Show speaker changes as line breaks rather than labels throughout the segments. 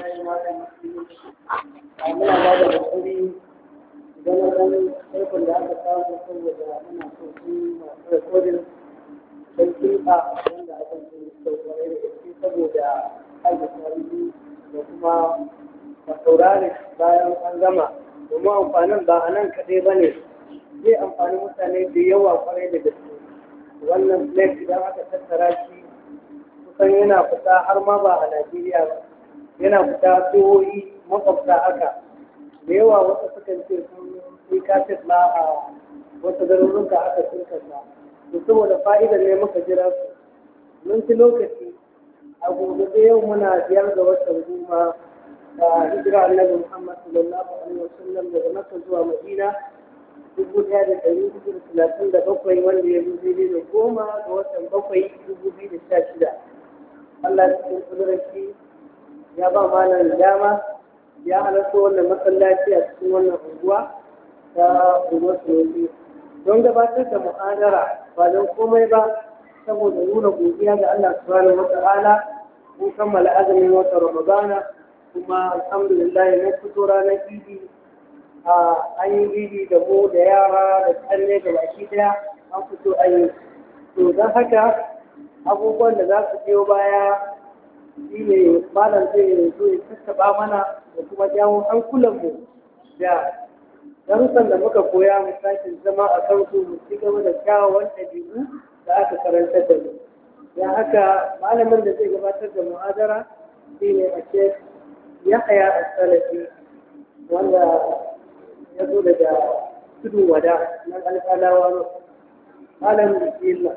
muna ba da da aka samu saboda muna so sun masu rekodin don kinta wanda da saboda da kuma bayan an amfanin ba a nan kaɗai ba ne zai amfani mutane da yawa kwarai da gaske wannan black idan aka tattara shi kusan yana fita har ma ba a najeriya ba yana fita tsohohi makwabta haka da yawa wasu suka ce sun yi kafin na a wasu garuruka haka sun kasa da saboda fa'idar ne muka jira su mun ci lokaci a gobe yau muna biyar ga watan goma da hijira annabi Muhammad sallallahu alaihi sallam, daga Makka zuwa Madina dubu ɗaya da ɗari hudu da talatin da bakwai wanda ya zo daidai da goma ga watan bakwai dubu biyu da sha shida. Allah cikin kudurarki ya ba malam dama ya halarta wannan masallaci a cikin wannan unguwa ta unguwar sojoji don gabatar da mu'adara ba don komai ba saboda nuna godiya ga Allah subhanahu wa ta'ala mun kammala azumin wata Ramadana kuma alhamdulillah mun fito ranar idi a an yi idi da mu da yara da tsalle da baki daya an fito a yi to don haka abubuwan da za su biyo baya shi ne malam zai zo ya tattaɓa mana da kuma jawo mu da darussan da muka koya mu sakin zama a kan su mu ci gaba da kyawawan ɗabi'u da aka karanta da mu. Da haka malamin da zai gabatar da mu'adara shi ne a ce a tsarafi wanda ya zo daga tudu wada na alfalawa malam ke bismillah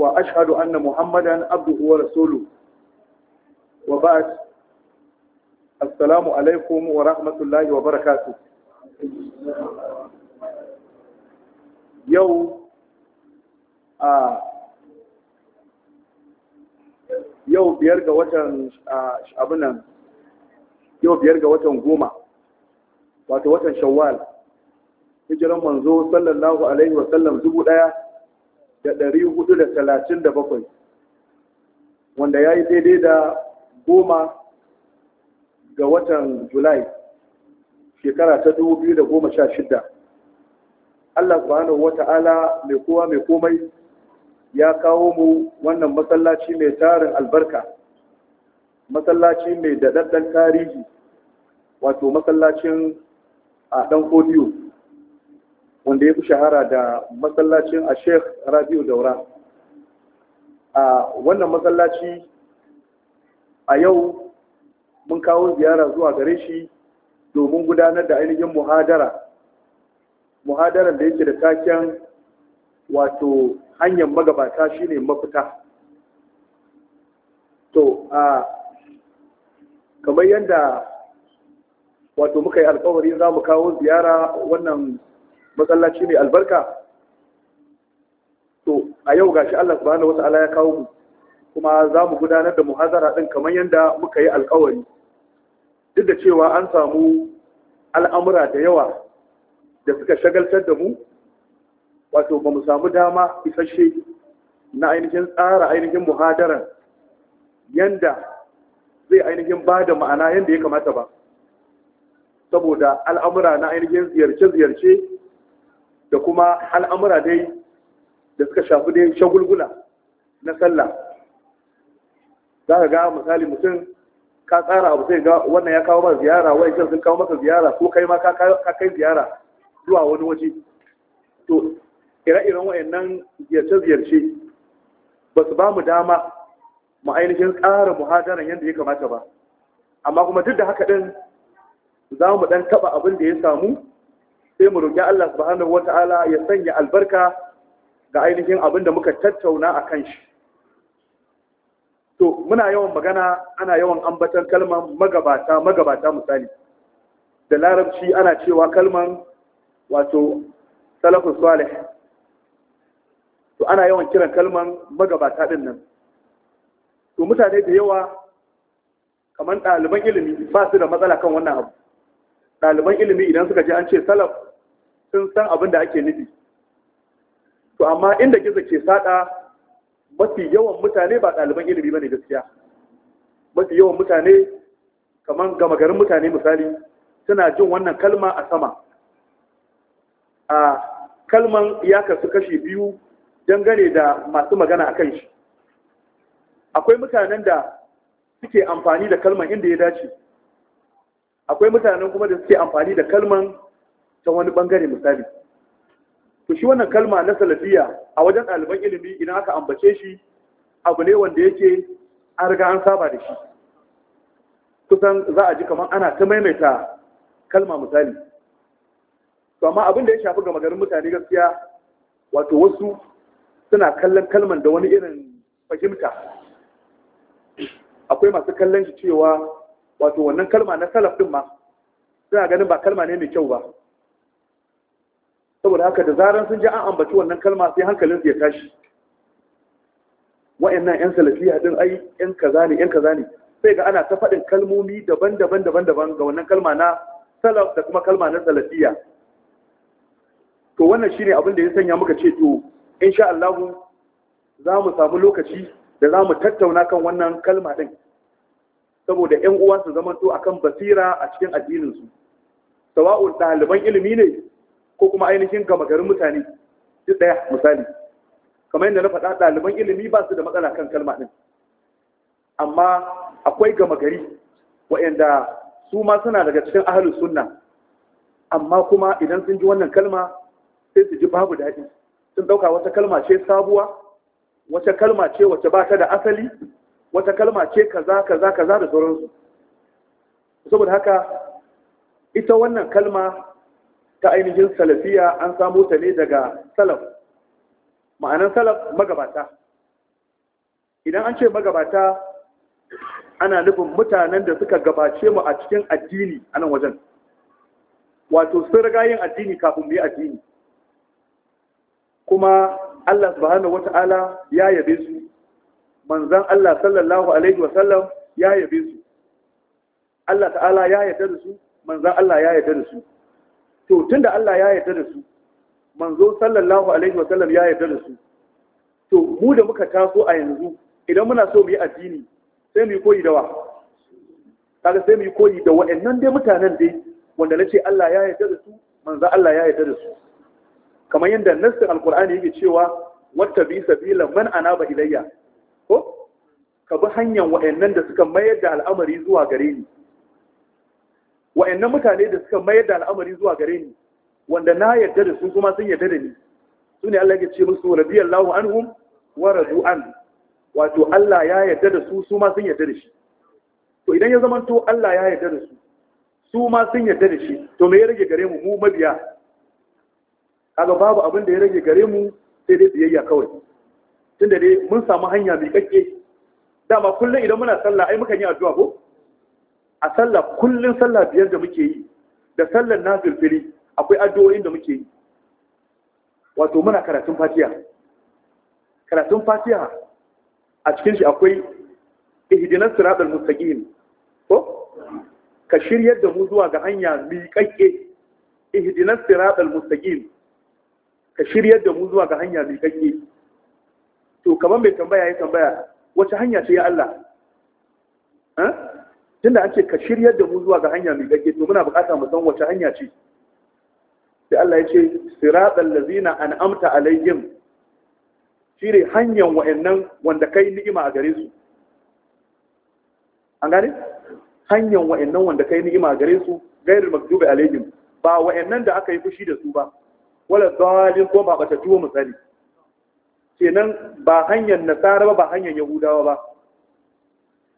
وأشهد أن محمدا عبده ورسوله وبعد السلام عليكم ورحمة الله وبركاته wa آه yau biyar ga watan abinan yau biyar ga watan goma wato watan shawwal hijiran manzo sallallahu alaihi sallam dubu daya da ɗari hudu da talatin da bakwai wanda ya yi daidai da goma ga watan julai shekara ta dubu biyu da goma sha shida allah subhanahu ta'ala mai kowa mai komai ya kawo mu wannan masallaci mai tarin albarka masallaci mai daɗaɗɗen tarihi wato masallacin a ɗan kodiyo wanda ya fi shahara da masallacin a sheikh rabiu daura a wannan masallaci a yau mun kawo ziyara zuwa gare shi domin gudanar da ainihin muhadara muhadaran da yake da taken wato hanyar magabata shine mafita to a kamar yadda wato muka yi alkawari za mu kawo ziyara wannan masallaci mai albarka to a yau gashi Allah subhanahu wata'ala ya kawo mu kuma za mu gudanar da muhazara din kamar yadda muka yi alƙawari. duk da cewa an samu al'amura da yawa da suka shagaltar da mu wato ba mu samu dama isasshe na ainihin tsara ainihin muhadaran yanda zai ainihin ba da ma'ana yanda ya kamata ba saboda al'amura na ainihin ziyarce-ziyarce da kuma al'amura dai da suka shafi dai shagulgula na sallah za ka ga misali mutum ka tsara abu sai ga wannan ya kawo ma ziyara wai sun kawo masa ziyara ko kai ma ka kai ziyara zuwa wani waje to ire-iren wayannan ziyarce-ziyarce ba su ba mu dama mu ainihin tsara muhadaran yadda ya kamata ba amma kuma duk da haka din za mu ɗan taba abin da ya samu sai mu roƙi Allah subhanahu wata'ala ya sanya albarka ga ainihin abin da muka tattauna a kan shi to muna yawan magana ana yawan ambatan kalman magabata magabata misali da larabci ana cewa kalman wato salafin salih to ana yawan kiran kalman magabata ɗin nan to mutane da yawa kamar ɗaliban ilimi ba su da matsala kan wannan abu ɗaliban ilimi idan suka je an ce salaf sun san abin da ake nufi to amma inda gizo ke saɗa mafi yawan mutane ba ɗaliban ilimi ba ne gaskiya mafi yawan mutane kamar gama garin mutane misali suna jin wannan kalma a sama a kalman ya kasu kashi biyu dangane da masu magana a kan shi akwai mutanen da suke amfani da kalman inda ya dace akwai mutanen kuma da suke amfani da kalman ta wani bangare misali to shi wannan kalma na salafiya a wajen ɗaliban ilimi idan aka ambace shi abu ne wanda yake an riga an saba da shi kusan za a ji kamar ana ta maimaita kalma misali to amma abin da ya shafi ga garin mutane gaskiya wato wasu suna kallon kalman da wani irin fahimta akwai masu kallon shi cewa wato wannan kalma na salaf din ma suna ganin ba kalma ne mai kyau ba saboda haka da zaran sun ji an ambaci wannan kalma sai hankalin su ya tashi wa'annan yan salafiya din ai yan kaza ne yan kaza ne sai ga ana ta faɗin kalmomi daban-daban daban-daban ga wannan kalma na salaf da kuma kalma na salafiya to wannan shine abin da ya sanya muka ce to insha Allah za mu samu lokaci da za mu tattauna kan wannan kalma din saboda yan uwa su zama to akan basira a cikin addinin su sawa'u ɗaliban ilimi ne ko kuma ainihin gama garin mutane duk ɗaya misali kamar yadda na faɗa ɗaliban ilimi ba su da matsala kan kalma ɗin amma akwai gama gari waɗanda su ma suna daga cikin ahalus sunna amma kuma idan sun ji wannan kalma sai su ji babu daɗi sun ɗauka wata kalma ce sabuwa wata kalma ce wacce ba ta da asali wata kalma ce kaza kaza kaza da sauransu saboda haka ita wannan kalma ta ainihin salafiya an samo ta ne daga salaf ma'anan salaf magabata idan an ce magabata ana nufin mutanen da suka gabace mu a cikin addini a nan wajen wato sun riga yin addini kafin mu yi addini kuma Allah subhanahu wata'ala ya yabe su manzon Allah sallallahu alaihi wasallam ya yabe su Allah ta'ala ya yarda da su manzon Allah ya yarda da su to tun da Allah ya yarda da su manzo sallallahu alaihi wa sallam ya yarda da su to mu da muka taso a yanzu idan muna so mu yi addini sai mu yi koyi da wa kaga sai mu yi koyi da waɗannan dai mutanen dai wanda nace Allah ya yarda da su manzo Allah ya yarda da su kamar yadda nassin alqur'ani yake cewa wata bi sabila man anaba ilayya ko ka bi hanyar waɗannan da suka mayar da al'amari zuwa gare ni wa'annan mutane da suka mayar da al'amari zuwa gare ni wanda na yarda da su kuma sun yarda da ni su ne Allah ya ce musu radiyallahu anhum wa radu an wato Allah ya yarda da su su ma sun yarda da shi to idan ya zamanto Allah ya yarda da su su ma sun yarda da shi to me ya rage gare mu mu mabiya kaga babu abin da ya rage gare mu sai dai biyayya kawai tunda dai mun samu hanya mai kakke dama kullum idan muna sallah ai muka yi addu'a ko a sallah kullum sallah biyar da muke yi da sallar na filfili akwai addu'o'in da muke yi wato muna karatun fatiha karatun fatiha a cikin shi akwai ihdinas siratal mustaqim ko ka shiryar da mu zuwa ga hanya miƙaƙƙe ihdinas siratal mustaqim ka shiryar da mu zuwa ga hanya miƙaƙƙe to kaman mai tambaya ya tambaya wace hanya ce ya Allah eh tunda ake ka shiryar da mu zuwa ga hanya mai gaggai to muna buƙatar mu san wace hanya ce sai Allah ya ce siratal ladzina an'amta alaihim shire hanyar wayannan wanda kai ni'ima a gare su an gane hanyar wayannan wanda kai ni'ima a gare su gairu makdubi alaihim ba wayannan da aka yi fushi da su ba wala dalil ko ba bata tuwo misali kenan ba hanyar nasara ba ba hanyar yahudawa ba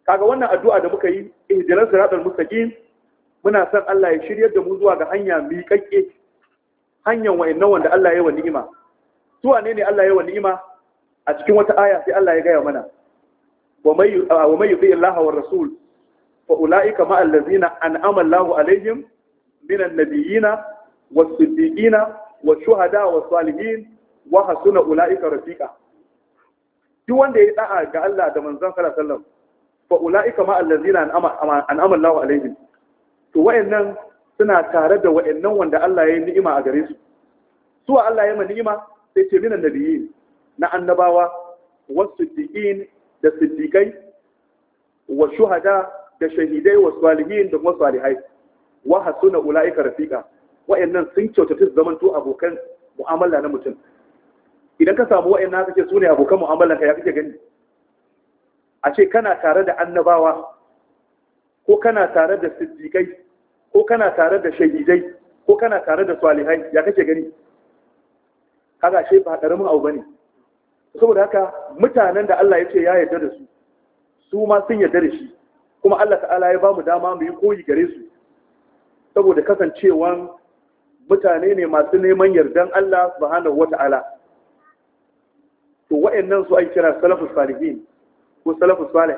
kaga wannan addu'a da muka yi ihdinas siratal mustaqim muna son Allah ya shiryar da mu zuwa ga hanya miƙaƙƙe hanyar wayannan wanda Allah ya wa ni'ima su wane ne Allah ya wa ni'ima a cikin wata aya sai Allah ya gaya mana wa may wa Allah wa rasul fa ulaika ma allazina an'ama Allah alaihim minan nabiyina was-siddiqina wash-shuhada was-salihin wa hasuna ulaika rafiqa duk wanda ya da'a ga Allah da manzon sallallahu alaihi wasallam fa ula'ika ma allazina an'ama Allahu alaihim to wayannan suna tare da wayannan wanda Allah ya yi ni'ima a gare su su Allah ya yi ni'ima sai ce minan nabiyyi na annabawa siddiqin da siddiqai wa shuhada da shahidai wa salihin da kuma salihai wa hasuna ula'ika rafiqa wayannan sun kyautata to abokan mu'amala na mutum idan ka samu wayannan kake su ne abokan mu'amalan ka ya kake gani a ce kana tare da annabawa ko kana tare da siddiƙai ko kana tare da shahidai ko kana tare da salihai ya kake gani kaga shi ba karamin abu ne. saboda haka mutanen da Allah ya ce ya yarda da su su ma sun yarda da shi kuma Allah ta'ala ya bamu dama mu yi koyi gare su saboda kasancewan mutane ne masu neman yardan Allah subhanahu wata'ala to wa'annan su ai kira salafus salihin ko salafus salih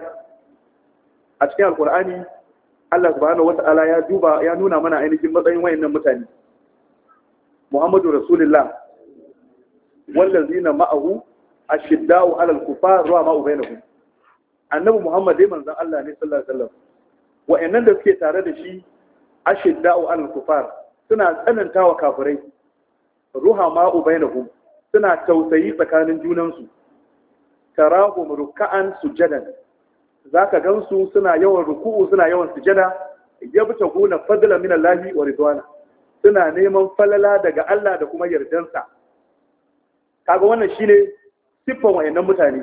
a cikin alkur'ani Allah subhanahu wata'ala ya duba ya nuna mana ainihin matsayin wayannan mutane Muhammadu Rasulullah wallazina ma'ahu ashiddau 'alal kufar wa ma'u bainahum Annabi Muhammad dai manzon Allah ne sallallahu alaihi wasallam wayannan da suke tare da shi ashiddau 'alal kufar suna tsanantawa kafirai ruha ma'u bainahum suna tausayi tsakanin junansu tarahum ruk'an sujadan zaka gansu suna yawan ruku'u suna yawan sujada yabtaguna fadlan min Allah wa ridwana suna neman falala daga Allah da kuma yardansa kaga wannan shine siffan wayannan mutane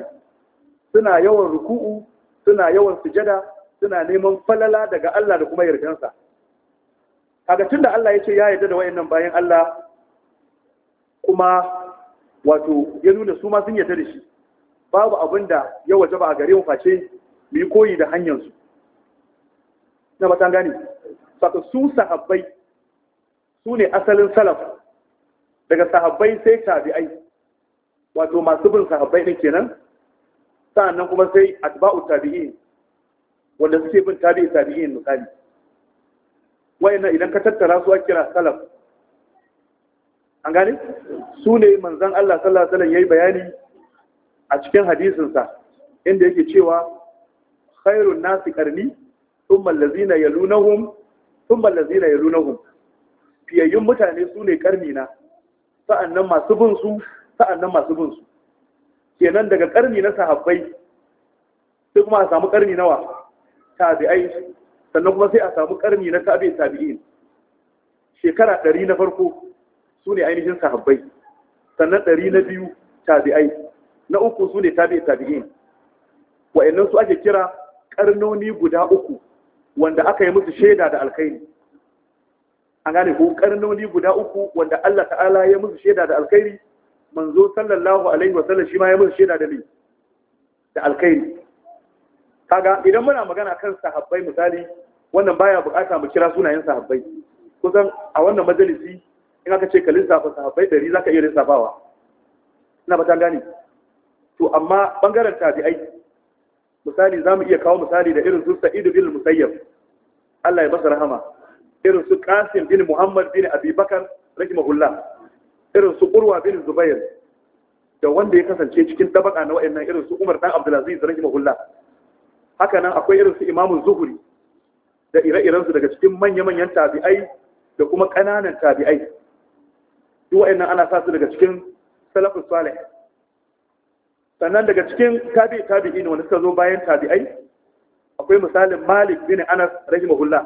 suna yawan ruku'u suna yawan sujada suna neman falala daga Allah da kuma yardansa kaga tunda Allah ya ce ya yarda da wayannan bayan Allah kuma wato ya nuna su ma sun yarda da shi babu abin da ya waje ba a gare mu face mu yi koyi da hanyarsu na ba ta gane saka su sahabbai su ne asalin salaf daga sahabbai sai tabi'ai wato masu bin sahabbai ne kenan sa'annan kuma sai atba'u tabi'in wanda suke bin tabi'i tabi'in misali wayannan idan ka tattara su kira salaf an gane su ne manzon Allah sallallahu alaihi wasallam yayi bayani a cikin hadisinsa inda yake cewa khairun nasi karni sun allazina yalunahum thumma allazina yalunahum fiyayyun mutane su ne karni na sa'annan masu bin su sa'annan masu bin su kenan daga karni na sahabbai sai kuma a samu karni nawa tabi'ai sannan kuma sai a samu karni na tabi tabi'in shekara ɗari na farko su ne ainihin sahabbai sannan ɗari na biyu tabi'ai na uku su ne tabi tabi'in wa'annan su ake kira karnoni guda uku wanda aka yi musu shaida da alkhairi an gane ko karnoni guda uku wanda Allah ta'ala ya musu shaida da alkhairi manzo sallallahu alaihi wa sallam shi ma ya musu shaida da ni da alkhairi kaga idan muna magana kan sahabbai misali wannan baya bukata mu kira sunayen sahabbai kusan a wannan majalisi in aka ce ka lissafa sahabbai 100 zaka iya lissafawa ina ba ta gane to amma bangaren tabi'ai misali za mu iya kawo misali da irin su sa'idu bin musayyab Allah ya masa rahama irin su qasim bin muhammad bin abi bakar rahimahullah irin su urwa bin zubair da wanda ya kasance cikin tabaka na wa'annan irin su umar dan abdulaziz rahimahullah haka nan akwai irin su imamu zuhuri da ire-iren su daga cikin manya-manyan tabi'ai da kuma ƙananan tabi'ai duk wa'annan ana sa su daga cikin salafus salih sannan daga cikin tabi ne wanda suka zo bayan tabi'ai akwai misalin Malik bin Anas rahimahullah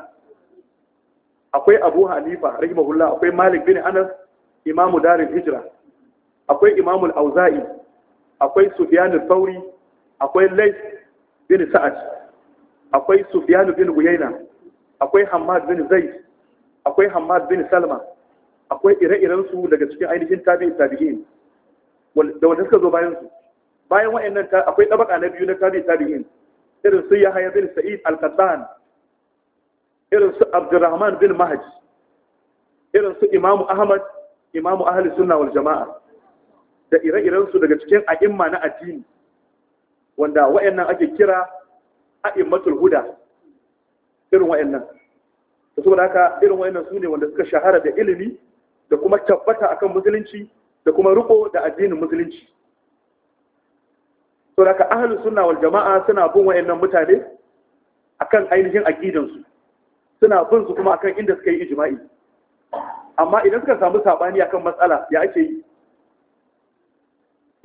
akwai Abu Hanifa rahimahullah akwai Malik bin Anas imamu darul hijra akwai imamul auza'i akwai sufyanul fauri akwai lais bin sa'ad akwai sufyanu bin uyaina akwai hammad bin zaid akwai hammad bin salma akwai ire-iren su daga cikin ainihin tabi'in tabi'in da wanda suka zo bayan su bayan wa'annan akwai tabaka na biyu na tabi tabi'in irin su Yahya bin Sa'id al-Qattan irin su Abdurrahman bin Mahdi irin su imamu Ahmad Imam Ahli Sunna wal Jama'a da ire-iren su daga cikin a'imma na addini wanda wa'annan ake kira a'immatul huda irin wa'annan to saboda haka irin wa'annan su ne wanda suka shahara da ilimi da kuma tabbata akan musulunci da kuma riko da addinin musulunci to da ka ahalin suna wal jama'a suna bin wa'annan mutane akan ainihin aƙidansu suna bin su kuma akan inda suka yi ijima'i amma idan suka samu saɓani akan matsala ya ake yi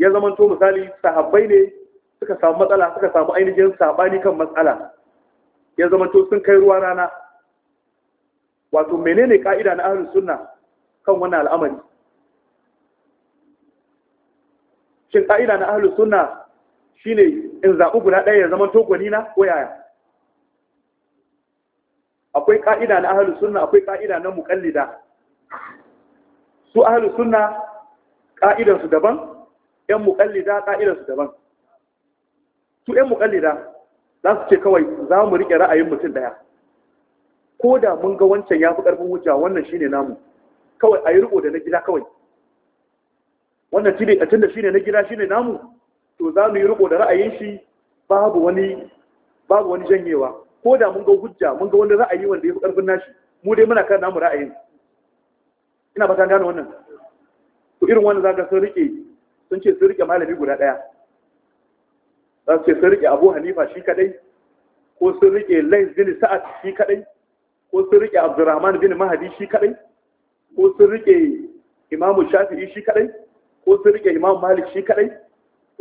ya zamanto misali sahabbai ne suka samu matsala suka samu ainihin saɓani kan matsala ya zamanto sun kai ruwa rana wato menene ka'ida na ahalin suna kan wannan al'amari shin ka'ida na ahalin suna. shine in zaɓi guda ɗaya ya zama to na ko yaya akwai ƙa'ida na ahalus sunna akwai ƙa'ida na muƙallida su ahalus sunna ƙa'idansu daban ‘yan muƙallida ƙa'idansu daban su ‘yan muƙallida za su ce kawai za mu riƙe ra'ayin mutum ɗaya ko da mun ga wancan ya fi ƙarfin wuce wannan shine namu kawai a yi riƙo da na gida kawai wannan shi ne a tun da shi ne na gida shi ne namu to za mu yi riko da ra'ayin shi babu wani babu wani janyewa ko da mun ga hujja mun ga wani ra'ayi wanda ya fi ƙarfin nashi mu dai muna kan namu ra'ayin ina ba ta gane wannan to irin wannan zaka sun rike sun ce sun rike malami guda ɗaya za su ce sun rike abu hanifa shi kadai ko sun rike lais bin sa'ad shi kadai ko sun rike abdurrahman bin Mahdi shi kadai ko sun rike Imam shafi'i shi kadai ko sun rike Imam malik shi kadai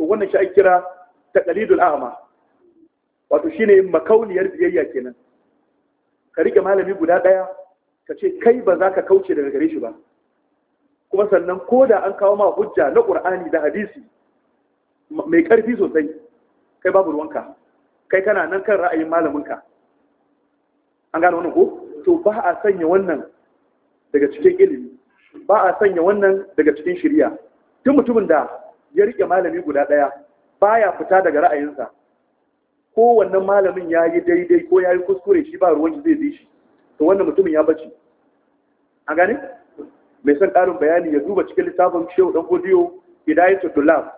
to wannan shi ake kira taqlidul a'ma wato shine makauniyar biyayya kenan ka rike malami guda daya ka ce kai ba za ka kauce daga gare shi ba kuma sannan ko da an kawo ma hujja na ƙur'ani da hadisi mai karfi sosai kai babu ruwanka kai kana nan kan ra'ayin malaminka an gano wannan ko to ba a sanya wannan daga cikin ilimi ba a sanya wannan daga cikin shari'a duk mutumin da ya rike malami guda ɗaya baya fita daga ra'ayinsa ko kowanne malamin ya yi daidai ko ya yi kuskure shi ba ruwan zai zai shi to wannan mutumin ya bace a gane mai son ƙarin bayani ya zuba cikin littafin shehu dan godiyo hidayatu dulab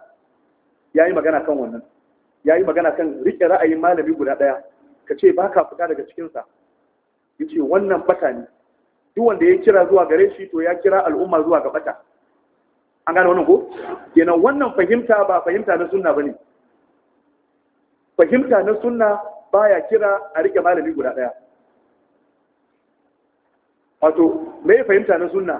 ya yi magana kan wannan ya yi magana kan rike ra'ayin malami guda ɗaya ka ce ba ka fita daga cikinsa ya ce wannan bata ne duk wanda ya kira zuwa gare shi to ya kira al'umma zuwa ga bata an gane wannan ko kenan wannan fahimta ba fahimta na sunna bane fahimta na sunna baya kira a rike malami guda daya wato me fahimta na sunna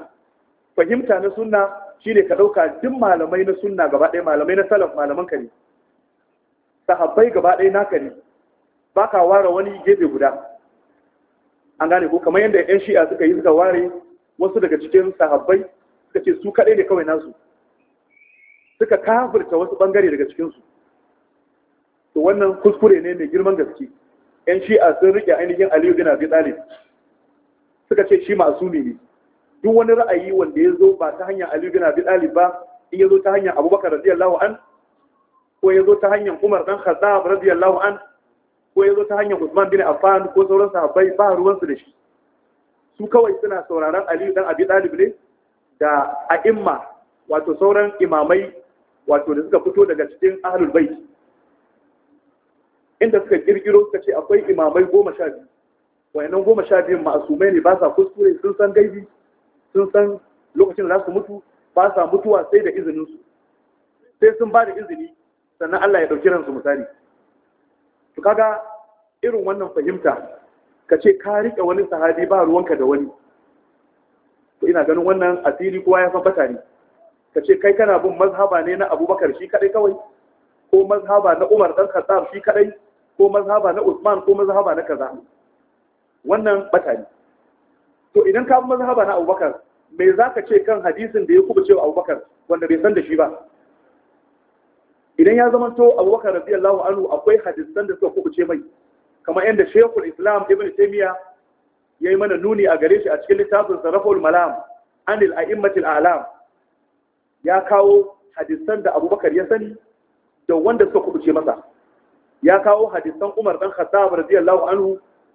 fahimta na sunna shine ka dauka duk malamai na sunna gaba daya malamai na salaf malaman ka ne sahabbai gaba daya naka ne baka ware wani gefe guda an gane ko kamar yadda yan shi'a suka yi suka ware wasu daga cikin sahabbai suka ce su kaɗai ne kawai nasu suka kafirta wasu ɓangare daga cikinsu to wannan kuskure ne mai girman gaske yan shi'a sun riƙe ainihin aliyu bin abi talib suka ce shi masu ne duk wani ra'ayi wanda ya zo ba ta hanyar aliyu bin abi talib ba in ya zo ta hanyar abubakar radiyallahu an ko ya zo ta hanyar umar dan khattab radiyallahu an ko ya zo ta hanyar usman bin affan ko sauran sahabbai ba ruwansu da shi su kawai suna sauraron aliyu dan abi talib ne da a'imma wato sauran imamai wato da suka fito daga cikin ahlul bait inda suka kirkiro suka ce akwai imamai goma sha biyu wayannan goma sha biyun ma'asumai ne ba sa kuskure sun san gaibi sun san lokacin da za su mutu ba sa mutuwa sai da izinin su sai sun ba da izini sannan Allah ya dauki ransu misali to kaga irin wannan fahimta ka ce ka rike wani sahabi ba ruwanka da wani to ina ganin wannan asiri kowa ya san bata ne ka ce kai kana bin mazhaba ne na abubakar shi kadai kawai ko mazhaba na umar dan khattab shi kadai ko mazhaba na usman ko mazhaba na kaza wannan bata ne to idan ka bi mazhaba na abubakar me za ka ce kan hadisin da ya kuba cewa abubakar wanda bai san da shi ba idan ya zama to abubakar radiyallahu anhu akwai hadisan da suka kubuce mai kamar yadda shekul islam ibn taimiyya. yayi mana nuni a gare shi a cikin littafin saraful malam anil a'immatil a'lam ya kawo hadisan da abubakar ya sani da wanda suka kubuce masa ya kawo hadisan umar dan khattab radiyallahu anhu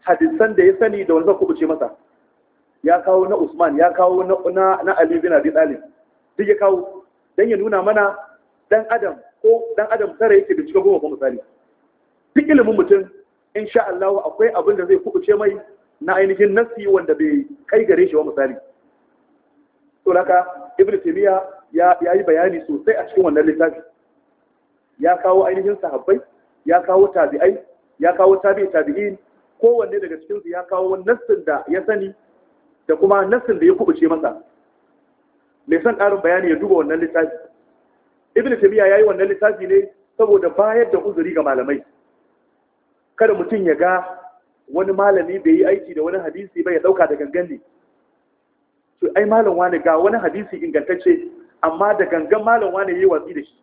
hadisan da ya sani da wanda suka kubuce masa ya kawo na usman ya kawo na na ali bin abi talib duk ya kawo dan ya nuna mana dan adam ko dan adam tare yake bincike goma ko misali duk ilimin mutum insha Allah akwai abin da zai kubuce mai na ainihin nassi wanda bai kai gare shi wa misali to laka ibn timiya ya yi bayani sosai a cikin wannan littafi ya kawo ainihin sahabbai ya kawo tabi'ai ya kawo tabi'i tabi'in kowanne daga cikin su ya kawo nassin da ya sani da kuma nassin da ya kubuce masa mai son ƙarin bayani ya duba wannan littafi ibn timiya yayi wannan littafi ne saboda bayar da uzuri ga malamai kada mutum ya ga wani malami bai yi aiki da wani hadisi ba ya dauka da gangan ne to ai malam wani ga wani hadisi ingantacce amma da gangan malam wani yayi watsi da shi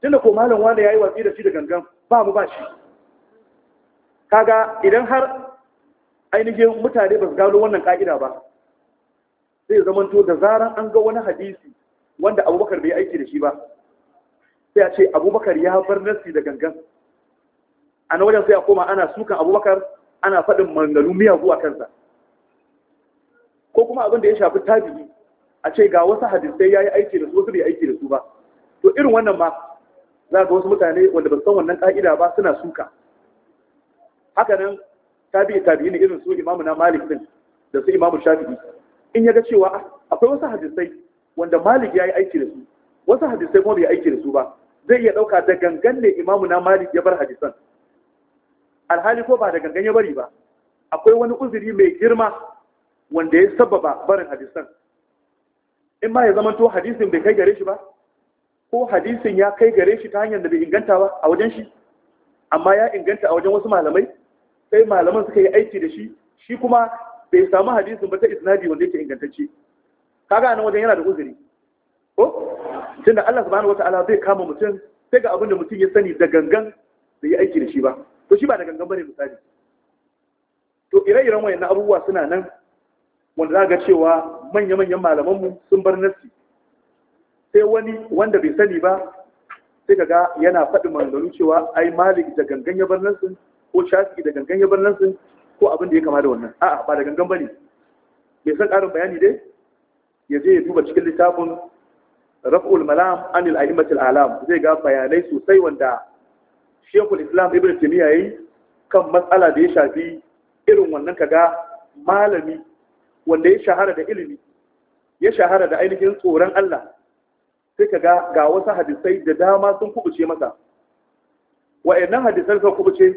tunda ko malam wani yayi watsi da shi da gangan ba mu ba shi kaga idan har ainihin mutane ba su gano wannan ka'ida ba zai zamanto da zaran an ga wani hadisi wanda abubakar bai aiki da shi ba sai a ce abubakar ya bar nasi da gangan a na wajen sai a koma ana sukan abubakar ana faɗin mangalu miyagu a kansa ko kuma abin da ya shafi tabi'i a ce ga wasu hadisai ya yi aiki da su wasu bai aiki da su ba to irin wannan ma za ga wasu mutane wanda ba san wannan ka'ida ba suna suka haka nan tabi'i tabi'i ne irin su imamu na malik din da su imamu shafi'i in ya ga cewa ah, akwai wasu hadisai wanda malik ya yi aiki da su wasu hadisai kuma bai aiki da su ba zai iya ɗauka da gangan ne imamu na malik ya bar hadisan alhali ko ba da gangan ya bari ba akwai wani uzuri mai girma wanda ya sababa barin hadisan in ma ya zamanto hadisin bai kai gare shi ba ko hadisin ya kai gare shi ta hanyar da bai inganta ba a wajen shi amma ya inganta a wajen wasu malamai sai malaman suka yi aiki da shi shi kuma bai samu hadisin ba ta isnadi wanda yake ingantacce kaga nan wajen yana da uzuri ko tunda Allah subhanahu wataala zai kama mutum sai ga abin da mutum ya sani da gangan da ya aiki da shi ba to shi ba da gangan bane misali to ire-iren na abubuwa suna nan wanda za ga cewa manya-manyan malamanmu sun bar nassi sai wani wanda bai sani ba sai ga yana faɗi maganganu cewa ai malik da gangan ya bar nassin ko shafi da gangan ya bar nassin ko abin da ya kama da wannan a'a ba da gangan bane bai san ƙarin bayani dai ya je ya duba cikin littafin raf'ul malam anil a'immatil alam zai ga bayanai sosai wanda shekul islam ibn timiya yayi kan matsala da ya shafi irin wannan kaga malami wanda ya shahara da ilimi ya shahara da ainihin tsoron Allah sai kaga ga wasu hadisai da dama sun kubuce masa wa'annan hadisan sun kubuce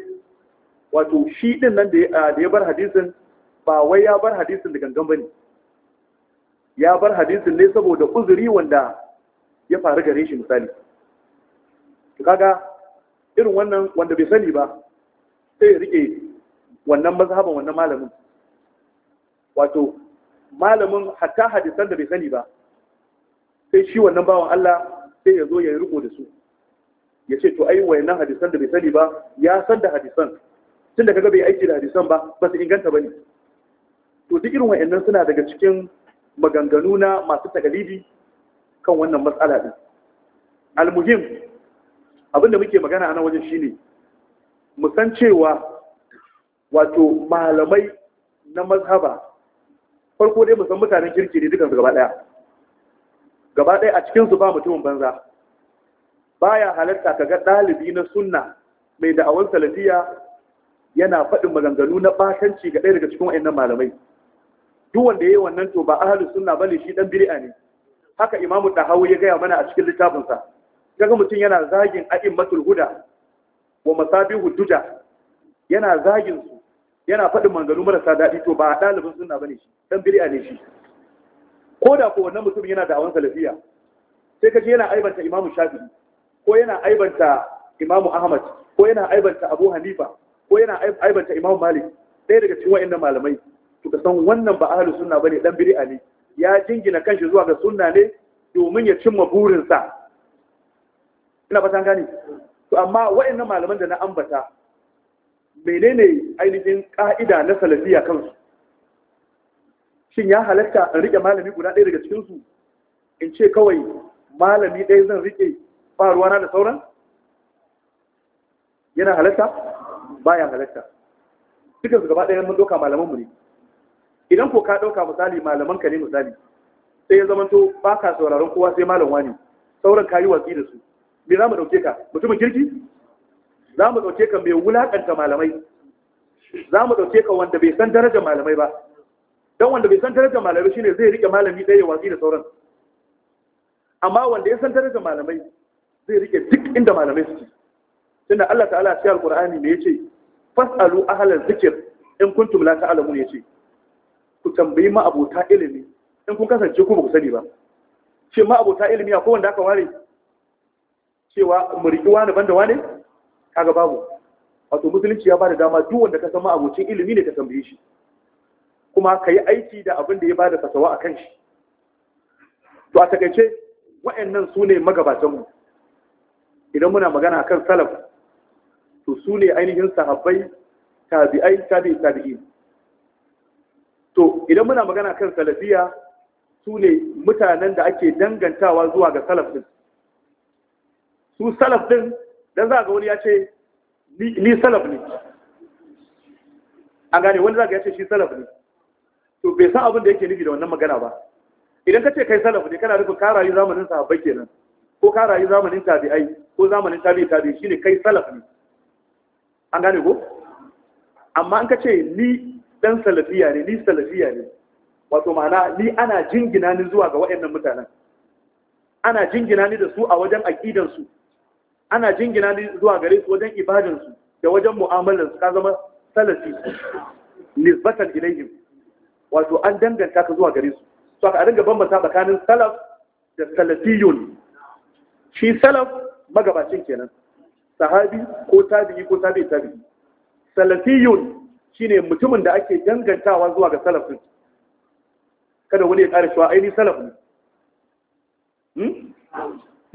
wato shi din nan ah, da ya bar hadisin ba wai ya bar hadisin da gangan bane ya bar hadisin ne saboda uzuri wanda ya faru gare shi misali kaga irin wannan wanda bai sani ba sai ya rike wannan mazhaban wannan malamin wato malamin hatta hadisan da bai sani ba sai shi wannan bawan Allah sai ya zo ya yi riko da su ya ce to ai wayannan hadisan da bai sani ba ya san da hadisan tun da kaga bai aiki da hadisan ba ba su inganta ba ne to duk irin wayannan suna daga cikin maganganu na masu tagalibi kan wannan matsala din almuhim abinda muke magana a nan wajen shi mu san cewa wato malamai na mazhaba farko dai musan mutanen kirki ne dukansu gaba daya gaba daya a cikinsu ba mutumin banza baya halarta ga ɗalibi na sunna mai da'awar salafiya yana faɗin maganganu na bashanci ga ɗaya daga cikin wa'annan malamai duk wanda yi wannan to ba ahalin sunna bane shi dan biri'a ne haka imamu ɗahawu ya gaya mana a cikin littafinsa kaga mutum yana zagin a'immatul huda wa masabihu duda yana zagin su yana faɗin manganu marasa daɗi to ba ɗalibin sunna bane shi dan bid'a ne shi ko da ko wannan mutum yana awon salafiya sai kaje yana aibanta Imamu Shafi'i ko yana aibanta Imamu Ahmad ko yana aibanta Abu Hanifa ko yana aibanta imamu Malik ɗaya daga cikin wa'annan malamai to ka san wannan ba ahlus sunna bane dan biri'a ne ya jingina kanshi zuwa ga sunna ne domin ya cimma burinsa ina fatan gane to amma waɗannan malaman da na ambata menene ainihin ka'ida na salafiya kansu shin ya halatta in rike malami guda ɗaya daga cikinsu, in ce kawai malami ɗaya zan rike faruwana da sauran yana halatta baya halatta Cikinsu gaba ɗaya mun ɗauka malamanmu ne idan ko ka ɗauka misali malaman ka ne misali sai ya zamanto ba ka sauraron kowa sai malam wani sauran ka yi watsi da su me za mu ɗauke ka mutumin kirki za mu ɗauke ka mai wulaƙanta malamai za mu ɗauke ka wanda bai san darajar malamai ba don wanda bai san darajar malamai shine zai riƙe malami ɗaya watsi da sauran amma wanda ya san darajar malamai zai riƙe duk inda malamai suke tunda Allah ta'ala ya alqur'ani me yace fasalu ahlal zikr in kuntum la ta'lamun yace ku tambayi ma'abota ilimi in kun kasance ku ba ku sani ba shin ma'abota ilimi akwai wanda aka ware cewa mu wani banda wani kaga babu wato musulunci ya bada dama duk wanda ka san ma'abocin ilimi ne ka tambaye shi kuma ka yi aiki da abin da ya bada fasawa a kan shi to a takaice wa'annan su ne magabatanmu idan muna magana akan salaf to su ne ainihin sahabbai tabi'ai tabi'i tabi'i to idan muna magana kan salafiya su ne mutanen da ake dangantawa zuwa ga salaf din su salaf din dan za ga wani ya ce ni salaf ne an gane wani za ga ya ce shi salaf ne to bai san abin da yake nufi da wannan magana ba idan ka ce kai salaf ne kana nufin ka rayu zamanin sahabbai kenan ko ka rayu zamanin tabi'ai ko zamanin tabi'i tabi'i shine kai salaf ne an gane ko amma an ka ce ni dan salafiya ne ni salafiya ne wato ma'ana ni ana jingina ni zuwa ga waɗannan mutanen ana jingina ni da su a wajen aƙidansu ana jingina ne zuwa gare su wajen ibadansu da wajen mu'amalarsu ka zama salafi nisbatan ilayhim wato an danganta ka zuwa gare su so aka dinga bambanta tsakanin salaf da salafiyun shi salaf magabacin kenan sahabi ko tabi'i ko tabi'i tabi'i salafiyun shine mutumin da ake dangantawa zuwa ga salafin kada wani ya ƙara wa aini salaf ne hmm?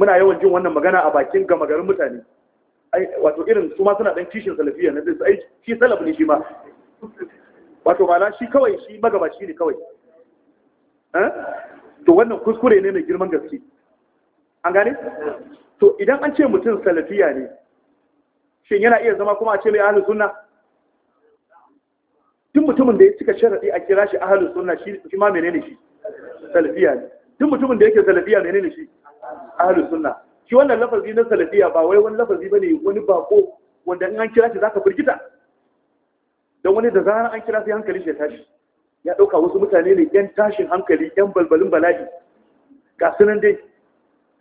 muna yawan jin wannan magana a bakin gama garin mutane wato irin su ma suna dan kishin salafiya na zai ai shi salaf ne shi ma wato ba shi kawai shi magabaci ne kawai eh? to wannan kuskure ne mai girman gaske an gane to idan an ce mutum salafiya ne shin yana iya zama kuma a ce mai ahli sunna duk mutumin da ya cika sharadi a kira shi ahli sunna shi ma menene shi salafiya ne duk mutumin da yake salafiya menene shi ahlus sunna shi wannan lafazi na salafiya ba wai wani lafazi bane wani bako wanda in an kira shi zaka firgita dan wani da zaran an kira sai hankali shi tashi ya dauka wasu mutane ne yan tashin hankali yan balbalin bala'i ga sunan dai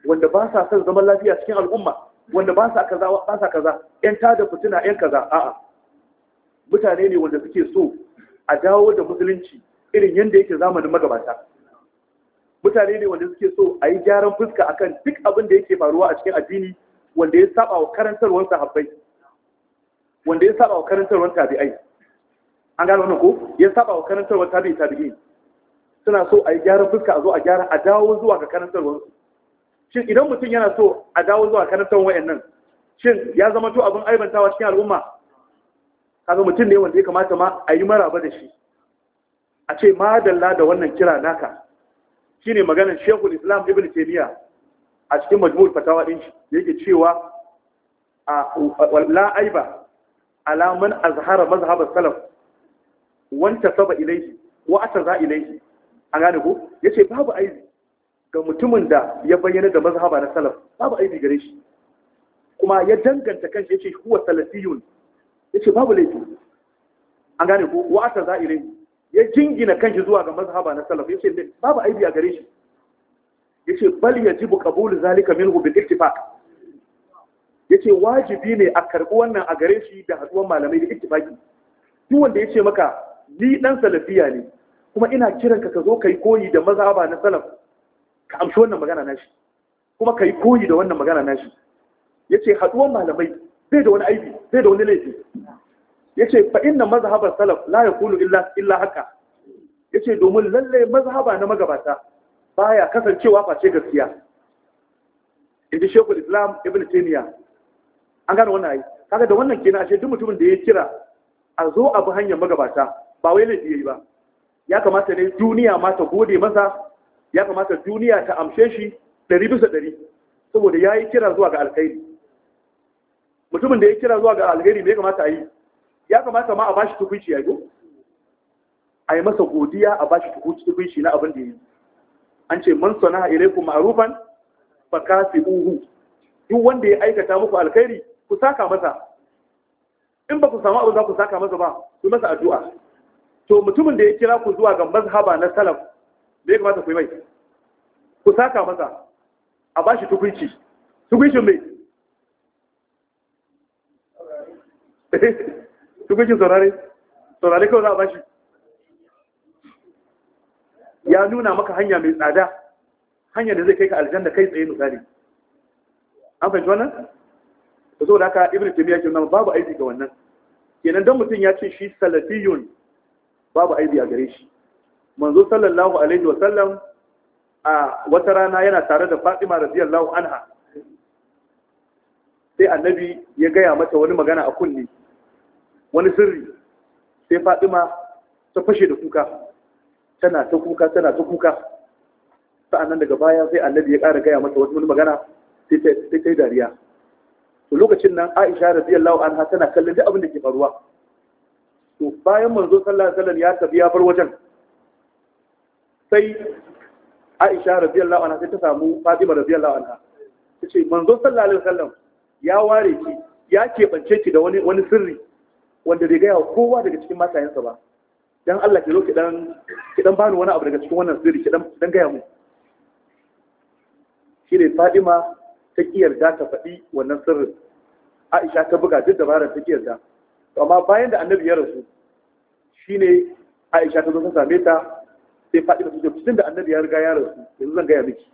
wanda ba sa son zaman lafiya cikin al'umma wanda ba sa kaza ba sa kaza yan tada fitina yan kaza a'a mutane ne wanda suke so a dawo da musulunci irin yanda yake zamanin magabata mutane ne wanda suke so a yi gyaran fuska akan duk abin da yake faruwa a cikin addini wanda ya saba wa karantarwar sahabbai wanda ya saba wa karantarwar tabi'ai an gano wannan ko ya saba wa karantarwar tabi'i tabi'i suna so a yi gyaran fuska a zo a gyara a dawo zuwa ga karantarwar su shin idan mutum yana so a dawo zuwa karantarwar wayannan shin ya zama to abin aibantawa cikin al'umma kaga mutum ne wanda ya kamata ma a yi maraba da shi a ce madalla da wannan kira naka shine maganar Sheikhul Islam Ibn Taymiyyah a cikin majmu'ul fatawa din shi yake cewa la aiba ala man azhara mazhab as-salaf wanta saba ilayhi wa ataza ilayhi an gane ko yace babu aibi ga mutumin da ya bayyana da mazhaba na salaf babu aibi gare shi kuma ya danganta kanshi yace huwa salafiyun yace babu laifi an gane ko wa ataza ilayhi ya jingina kanshi zuwa ga mazhaba na salaf yace babu aibi a gare shi yace bal yajibu qabulu zalika minhu bi ittifaq yace wajibi ne a karbi wannan a gare shi da haduwar malamai da ittifaqi duk wanda yace maka ni dan salafiya ne kuma ina kiran ka ka zo kai koyi da mazhaba na salaf ka amshi wannan magana nashi kuma kai koyi da wannan magana nashi yace haduwar malamai bai da wani aibi bai da wani laifi yace fa inna mazhabar salaf la yakunu illa illa haka yace domin lalle mazhaba na magabata baya kasancewa face gaskiya inda shekul islam ibn taymiya an gane wannan ai kaga da wannan kina ashe duk mutumin da ya kira a zo abu hanyar magabata ba wai laifi yayi ba ya kamata ne duniya ma ta gode masa ya kamata duniya ta amshe shi ɗari bisa ɗari saboda ya yi kira zuwa ga alkhairi mutumin da ya kira zuwa ga alkhairi me ya kamata a yi ya kamata ma a bashi tukunci ya yi a yi masa godiya a bashi tukunci na abin da yi an ce man sana maarufan ma'rufan fa uhu yi wanda ya aikata muku alkhairi ku saka masa in ba ku samu abin za ku saka masa ba ku masa addu'a to mutumin da ya kira ku zuwa ga mazhaba na salaf da ya kamata ku yi mai ku saka masa a bashi tukunci tukunci mai to kake saurare saurare kawai za a bashi ya nuna maka hanya mai tsada hanyar da zai kai ka aljanna kai tsaye misali an fahimci wannan zo da haka ibn taymiya ke nama babu aiki ga wannan kenan don mutum ya ce shi salafiyun babu aiki a gare shi manzo sallallahu alaihi wa sallam a wata rana yana tare da Fatima radiyallahu anha sai annabi ya gaya mata wani magana a kunni wani sirri sai fadima ta fashe da kuka tana ta kuka tana ta kuka sa'annan daga baya sai annabi ya ƙara gaya mata wani magana sai ta yi dariya to lokacin nan aisha radiyallahu anha tana kallon duk abin da ke faruwa to bayan manzo sallallahu alaihi wasallam ya tafi ya bar wajen sai aisha radiyallahu anha sai ta samu fatima radiyallahu anha ta ce manzo sallallahu alaihi wasallam ya ware ki ya keɓance ki da wani wani sirri wanda bai gaya wa kowa daga cikin matayensa ba dan Allah ke zo ki dan ki dan bani wani abu daga cikin wannan sirri ki dan dan gaya mu shi ne Fadima ta da ta faɗi wannan sirrin Aisha ta buga duk dabarar ta kiyarda amma bayan da Annabi ya rasu shine Aisha ta zo ta same ta sai Fadima ta ce tun da Annabi ya riga ya rasu yanzu zan gaya miki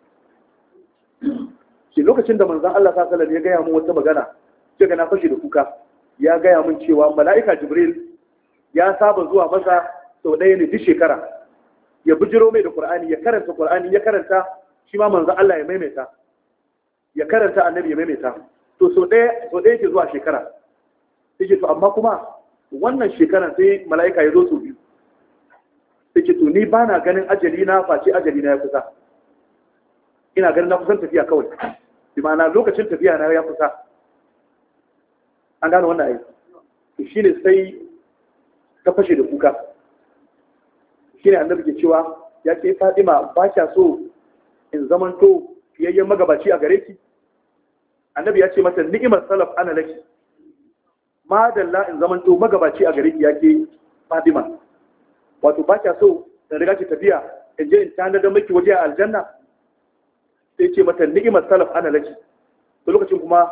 shi lokacin da manzon Allah sallallahu alaihi wasallam ya gaya mu wata magana sai ga na fashe da kuka ya gaya min cewa mala'ika jibril ya saba zuwa masa sau ɗaya ne duk shekara ya bujiro mai da ƙur'ani ya karanta ƙur'ani ya karanta shi ma manzo Allah ya maimaita ya karanta annabi ya maimaita to sau ɗaya sau ɗaya zuwa shekara yake to amma kuma wannan shekaran sai mala'ika ya zo sau biyu yake to ni ba na ganin ajali na face ajali na ya kusa ina ganin na kusan tafiya kawai bi ma'ana lokacin tafiya na ya kusa an gano wannan aiki to shine sai ta fashe da kuka shine annabi ke cewa ya ke Fatima ba kya so in zamanto fiyayyen magabaci a gare ki annabi ya ce mata ni'imar salaf ana laki madalla in zamanto magabaci a gare ki ya ke Fatima wato ba kya so in riga ki tafiya in je in tanar da miki waje a aljanna sai ce mata ni'imar salaf ana laki to lokacin kuma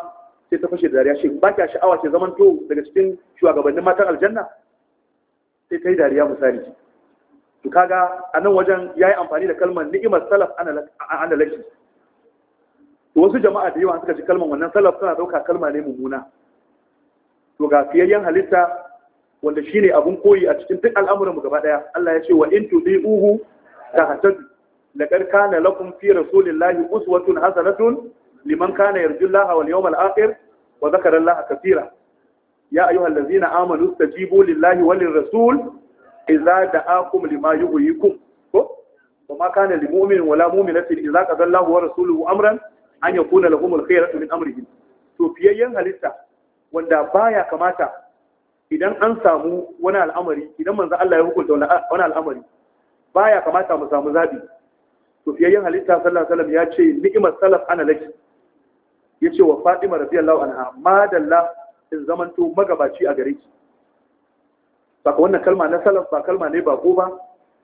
sai ta fashe da dariya shi ba kya sha'awa ce zaman to daga cikin shugabannin matan aljanna sai ta yi dariya misali to kaga a nan wajen ya yi amfani da kalmar ni'imar salaf ana laki to wasu jama'a da yawa suka ji kalmar wannan salaf suna ɗauka kalma ne mummuna to ga fiyayyen halitta wanda shine abun koyi a cikin duk al'amuran mu gaba daya Allah ya ce wa in tudihu hatta laqad kana lakum fi rasulillahi uswatun hasanatun liman kana yarjullaha wal yawmal akhir wa zakara Allah kaseera ya ayyuhal ladzina amanu istajibu lillahi walir rasul idza da'akum ko وما كان لمؤمن ولا مؤمنة إذا قضى الله ورسوله أمرا أن يكون لهم الخيرة من أمرهم to fiyayyen halitta wanda baya kamata idan an samu wani al'amari idan manzo Allah ya hukunta wani al'amari baya kamata mu samu zabi to fiyayyen halitta sallallahu alaihi wasallam ya ce ni'mat salaf ana laki ya ce wa fatima radiyallahu anha madalla in zamanto magabaci a gare ki saka wannan kalma na salaf ba kalma ne ba ko ba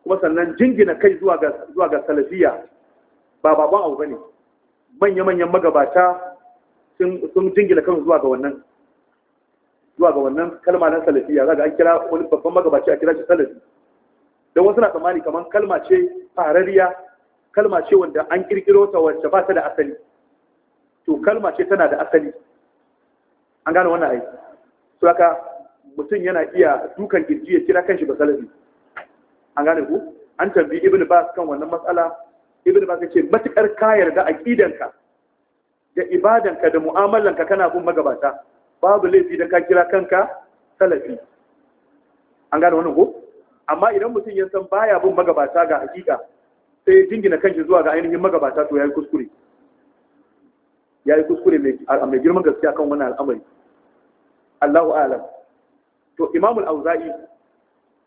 kuma sannan jingina kai zuwa ga salafiya ba babban abu ba ne. manya manyan magabata sun jingina kan zuwa ga wannan zuwa ga wannan kalma na salafiya ga an kira wani babban magabaci a kira shi salafi don wasu na tsammani kamar kalma ce farariya kalma ce wanda an kirkiro ta wacce ba ta da asali to kalma ce tana da asali an gane wannan aiki to haka mutum yana iya dukan kirji ya kira kanshi ba salafi an gane ku an tambayi ibnu bas kan wannan matsala ibnu bas yace matukar ka yarda aqidanka da ibadanka da mu'amalanka kana bin magabata babu laifi da ka kira kanka salafi an gane wannan ku, amma idan mutum ya san baya bin magabata ga hakika sai ya jingina kanshi zuwa ga ainihin magabata to yayi kuskure ya yi kuskure mai girman gaskiya kan wani al'amari Allahu alam to Imam al-Auza'i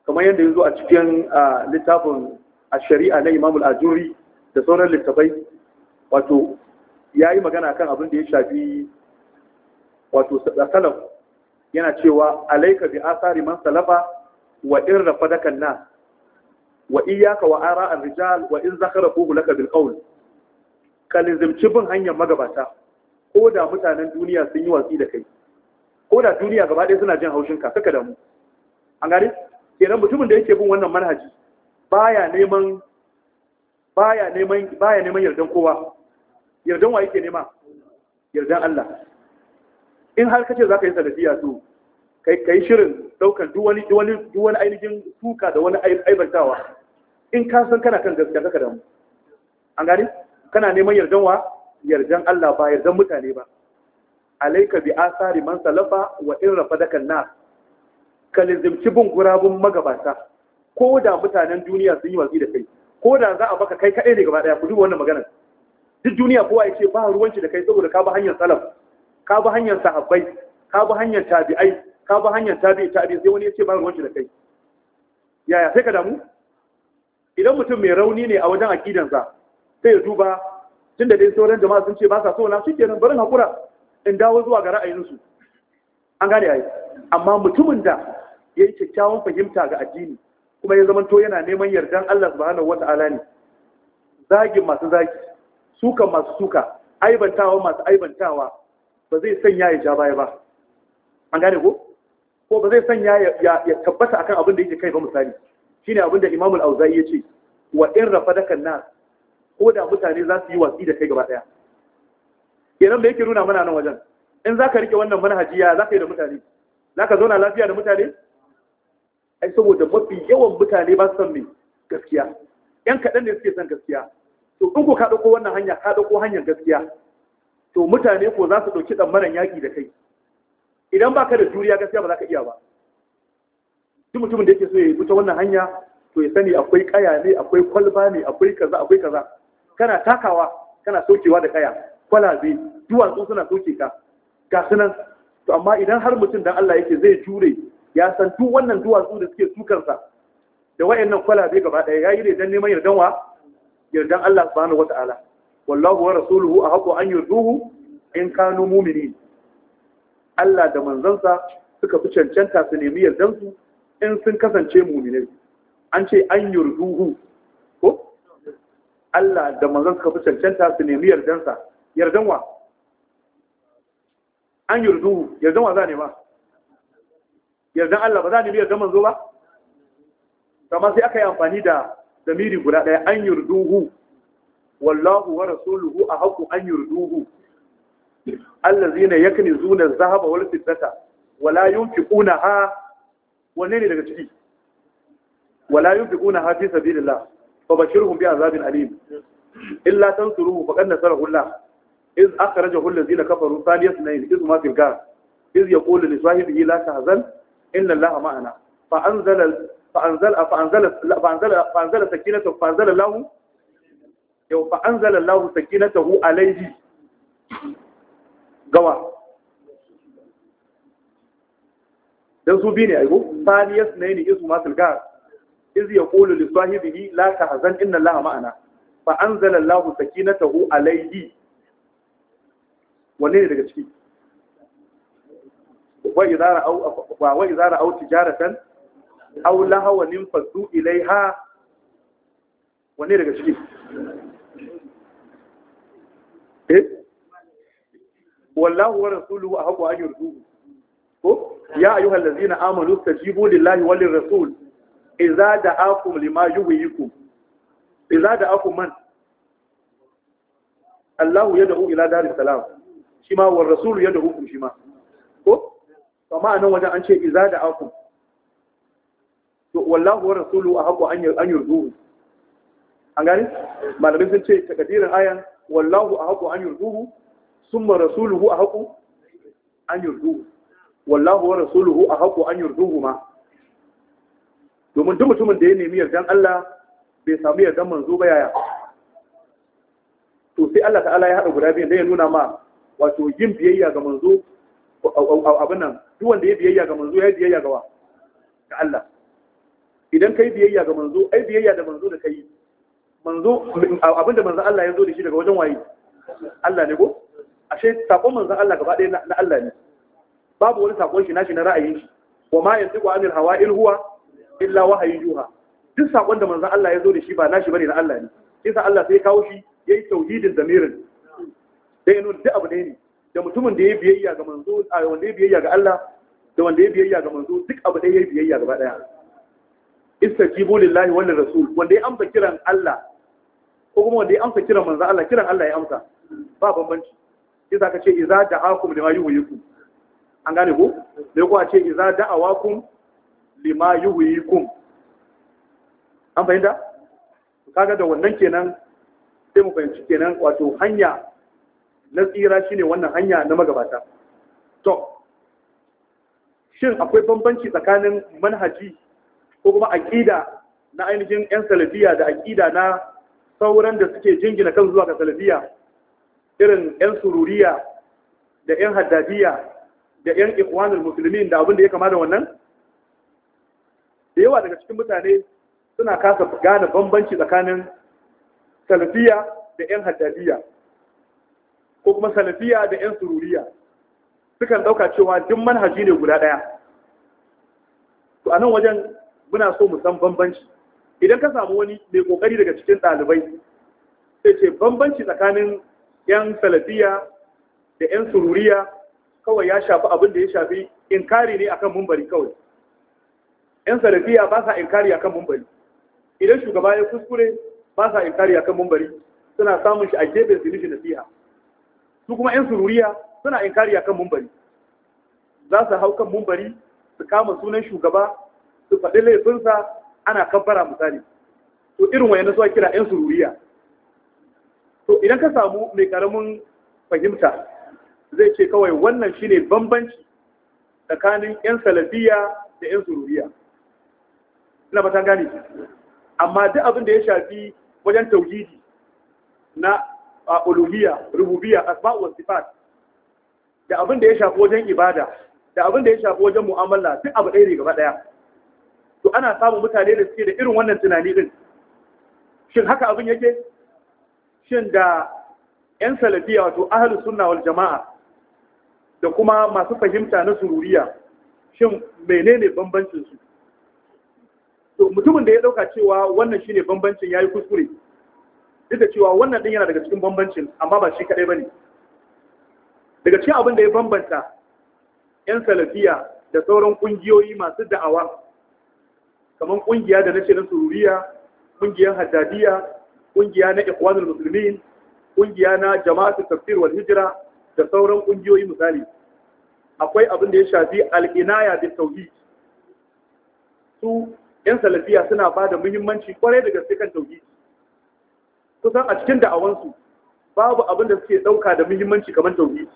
kamar yadda yazo a cikin littafin sharia na Imam al-Ajuri da sauran littafai wato yayi magana kan abin da ya shafi wato salaf yana cewa alayka bi asari man salafa wa in rafadaka an wa iyyaka wa ara al rijal wa in zakharafuhu laka bil qawl ka bin hanyar magabata ko da mutanen duniya sun yi watsi da kai ko da duniya gaba ɗaya suna jin haushin ka saka damu an gane kenan mutumin da yake bin wannan manhaji baya neman baya neman baya neman yardan kowa yardan wa yake nema yardan Allah in har kace zaka yi salafiya to kai kai shirin daukan duk wani duk wani duk wani ainihin tuka da wani aibantawa in ka san kana kan gaskiya saka damu an gane kana neman yardan wa yardan Allah ba yardan mutane ba alayka bi asari man salafa wa in rafadaka nas ka lizimci bin gurabun magabata ko da mutanen duniya sun yi watsi da kai ko da za a baka kai kaɗai ne gaba daya ku duba wannan maganar duk duniya kowa ya ce ba ruwanci da kai saboda ka ba hanyar salaf ka ba hanyar sahabbai ka ba hanyar tabi'ai ka ba hanyar tabi'i tabi'i sai wani ya ce ba ruwanci da kai yaya sai ka damu idan mutum mai rauni ne a wajen akidansa sai ya duba tun da dai sauran jama'a sun ce ba sa na shi kenan barin hakura in dawo zuwa ga ra'ayinsu an gane yayi amma mutumin da yayi kyakkyawan fahimta ga addini kuma ya zamanto yana neman yardan Allah subhanahu wata'ala ne zagin masu zagi sukan masu suka aibantawa masu aibantawa ba zai sanya ya ja baya ba an gane ko ko ba zai sanya ya tabbata akan abin da yake kai ba misali shine abin da Imamul Al-Auza'i yace wa in rafadaka nas ko da mutane za su yi watsi da kai gaba daya kenan da yake nuna mana nan wajen in za ka rike wannan manhaji ya za ka yi da mutane za ka zauna lafiya da mutane ai saboda mafi yawan mutane ba su san me gaskiya yan kaɗan ne suke san gaskiya to in ko ka ko wannan hanya ka ko hanyar gaskiya to mutane ko za su ɗauki tsammanin yaki da kai idan ba ka da juriya gaskiya ba za ka iya ba duk mutumin da yake so ya ta wannan hanya to ya sani akwai kaya ne akwai kwalba ne akwai kaza akwai kaza kana takawa kana sokewa da kaya kwalabe duwatsu suna soke ka ga sunan to amma idan har mutum dan Allah yake zai jure ya san duk wannan duwatsu da suke sa da wayannan kwalabe gaba daya yayi ne dan neman yardan wa yardan Allah subhanahu wataala wallahu wa rasuluhu ahqqu an yurduhu in kanu mu'minin Allah da manzansa suka fi cancanta su nemi yardan su in sun kasance mu'minai an ce an yurduhu Allah da manzon suka fi cancanta su nemi yardansa Yardanwa. an yurdu yardan wa za ne ma yardan Allah ba za ne yardan manzo ba kamar sai aka yi amfani da zamiri guda ɗaya an yurduhu wallahu wa rasuluhu a haku an yurduhu allazina yaknizuna zahaba wal fiddata wala yunfiquna ha wanne ne daga ciki wala yunfiquna ha fi sabilillah فبشرهم بعذاب أليم إلا تنصروه فقد نصره الله إذ أخرجه الذين كفروا ثاني اثنين إذ ما في الغار إذ يقول لصاحبه لا تحزن إن الله معنا فأنزل فأنزل فأنزل فأنزل فأنزل سكينته فأنزل الله يو فأنزل الله سكينته عليه gawa dan su bi ne aiko saniyas ne ne isu masul gas iz yaqulu li sahibihi la tahzan inna allaha ma'ana fa anzala allahu sakinatahu alayhi wanne ne daga ciki wa idza ra'aw wa wa idza ra'aw tijaratan aw lahawan fazu ilaiha wanne daga ciki eh wallahu wa rasuluhu ahqqu an yurduhu ko ya ayyuhal ayyuhallazina amanu tajibu lillahi walir rasul iza da akum lima yuwiyikum iza da akum man Allahu ya da'u ila daris salam shi ma wa rasul ya da'u shi ma ko amma anan wajen an ce iza da akum to wallahu wa rasulu haku an an yurduhu an gani malamin sun ce takadirin ayan wallahu a haku an yurduhu summa rasuluhu haku an yurduhu wallahu wa rasuluhu haku an yurduhu ma domin duk mutumin da ya nemi yardan Allah bai samu yardan manzo ba yaya to sai Allah ta'ala ya haɗa guda biyan da ya nuna ma wato yin biyayya ga manzo abin nan duk wanda ya biyayya ga manzo ya biyayya ga wa ga Allah idan kai biyayya ga manzo ai biyayya da manzo da kai manzo abinda manzo Allah ya zo da shi daga wajen waye Allah ne ko ashe sakon manzo Allah gaba ɗaya na Allah ne babu wani sakon shi nashi na ra'ayin shi wa ma yantiqu anil hawa huwa illa wahayi yuha duk sakon da manzon Allah ya zo da shi ba nashi bane na Allah ne sai sa Allah sai kawo shi yayi tauhidin zamirin dai nuna duk abu ne da mutumin da ya biyayya ga manzo a wanda ya biyayya ga Allah da wanda ya biyayya ga manzo duk abu da ya biyayya gaba daya istajibu lillahi wal rasul wanda ya amsa kiran Allah ko kuma wanda ya amsa kiran manzon Allah kiran Allah ya amsa ba bambanci sai zaka ce idza da'akum lima yuhyikum an gane ko da ko a ce idza da'awakum lima kun? an fahimta kaga da wannan kenan sai mu fahimci kenan wato hanya na tsira shine wannan hanya na magabata to shin akwai bambanci tsakanin manhaji ko kuma aƙida na ainihin yan salafiya da aƙida na sauran da suke jingina kan zuwa ga salafiya irin yan sururiya da yan haddadiya da yan ikwanin musulmi da abin da ya kama da wannan da yawa daga cikin mutane suna kasa gane bambanci tsakanin salafiya da 'yan haddadiya ko kuma salafiya da 'yan sururiya sukan ɗauka cewa duk manhaji ne guda ɗaya to a nan wajen muna so mu san bambanci idan ka samu wani mai ƙoƙari daga cikin ɗalibai sai ce bambanci tsakanin 'yan salafiya da 'yan sururiya kawai ya shafi abin da ya shafi inkari ne akan mumbari kawai yan salafiya ba sa inkari kan mumbari idan shugaba ya kuskure ba sa inkari kan mumbari suna samun shi a gefen su mishi nasiha su kuma yan sururiya suna inkari kan mumbari za su hau kan mumbari su kama sunan shugaba su faɗi laifinsa ana kabbara misali to irin wayan nasuwa kira yan sururiya to idan ka samu mai karamin fahimta zai ce kawai wannan shine bambanci tsakanin yan salafiya da yan sururiya ina ba ta gane amma duk abin da ya shafi wajen tauhidi na uluhiyya rububiyya asma'u was sifat da abin da ya shafi wajen ibada da abin da ya shafi wajen mu'amala duk abu ɗaya ne gaba ɗaya to ana samun mutane da suke da irin wannan tunani din shin haka abin yake shin da yan salafiya wato ahlus sunna wal jama'a da kuma masu fahimta na sururiya shin menene bambancin su to mutumin da ya dauka cewa wannan shine bambancin yayi kuskure duk da cewa wannan din yana daga cikin bambancin amma ba shi kadai bane daga cikin abin da ya bambanta yan salafiya da sauran kungiyoyi masu da'awa kamar kungiya da nace na sururiya kungiyar haddadiya kungiya na ikhwanul muslimin kungiya na jama'atu tafsir wal hijra da sauran kungiyoyi misali akwai abin da ya shafi al'inaya bi tauhid su yan salafiya suna ba da muhimmanci kwarai da gaske kan tauhidi kusan a cikin da'awansu babu abin da suke ɗauka da muhimmanci kamar tauhidi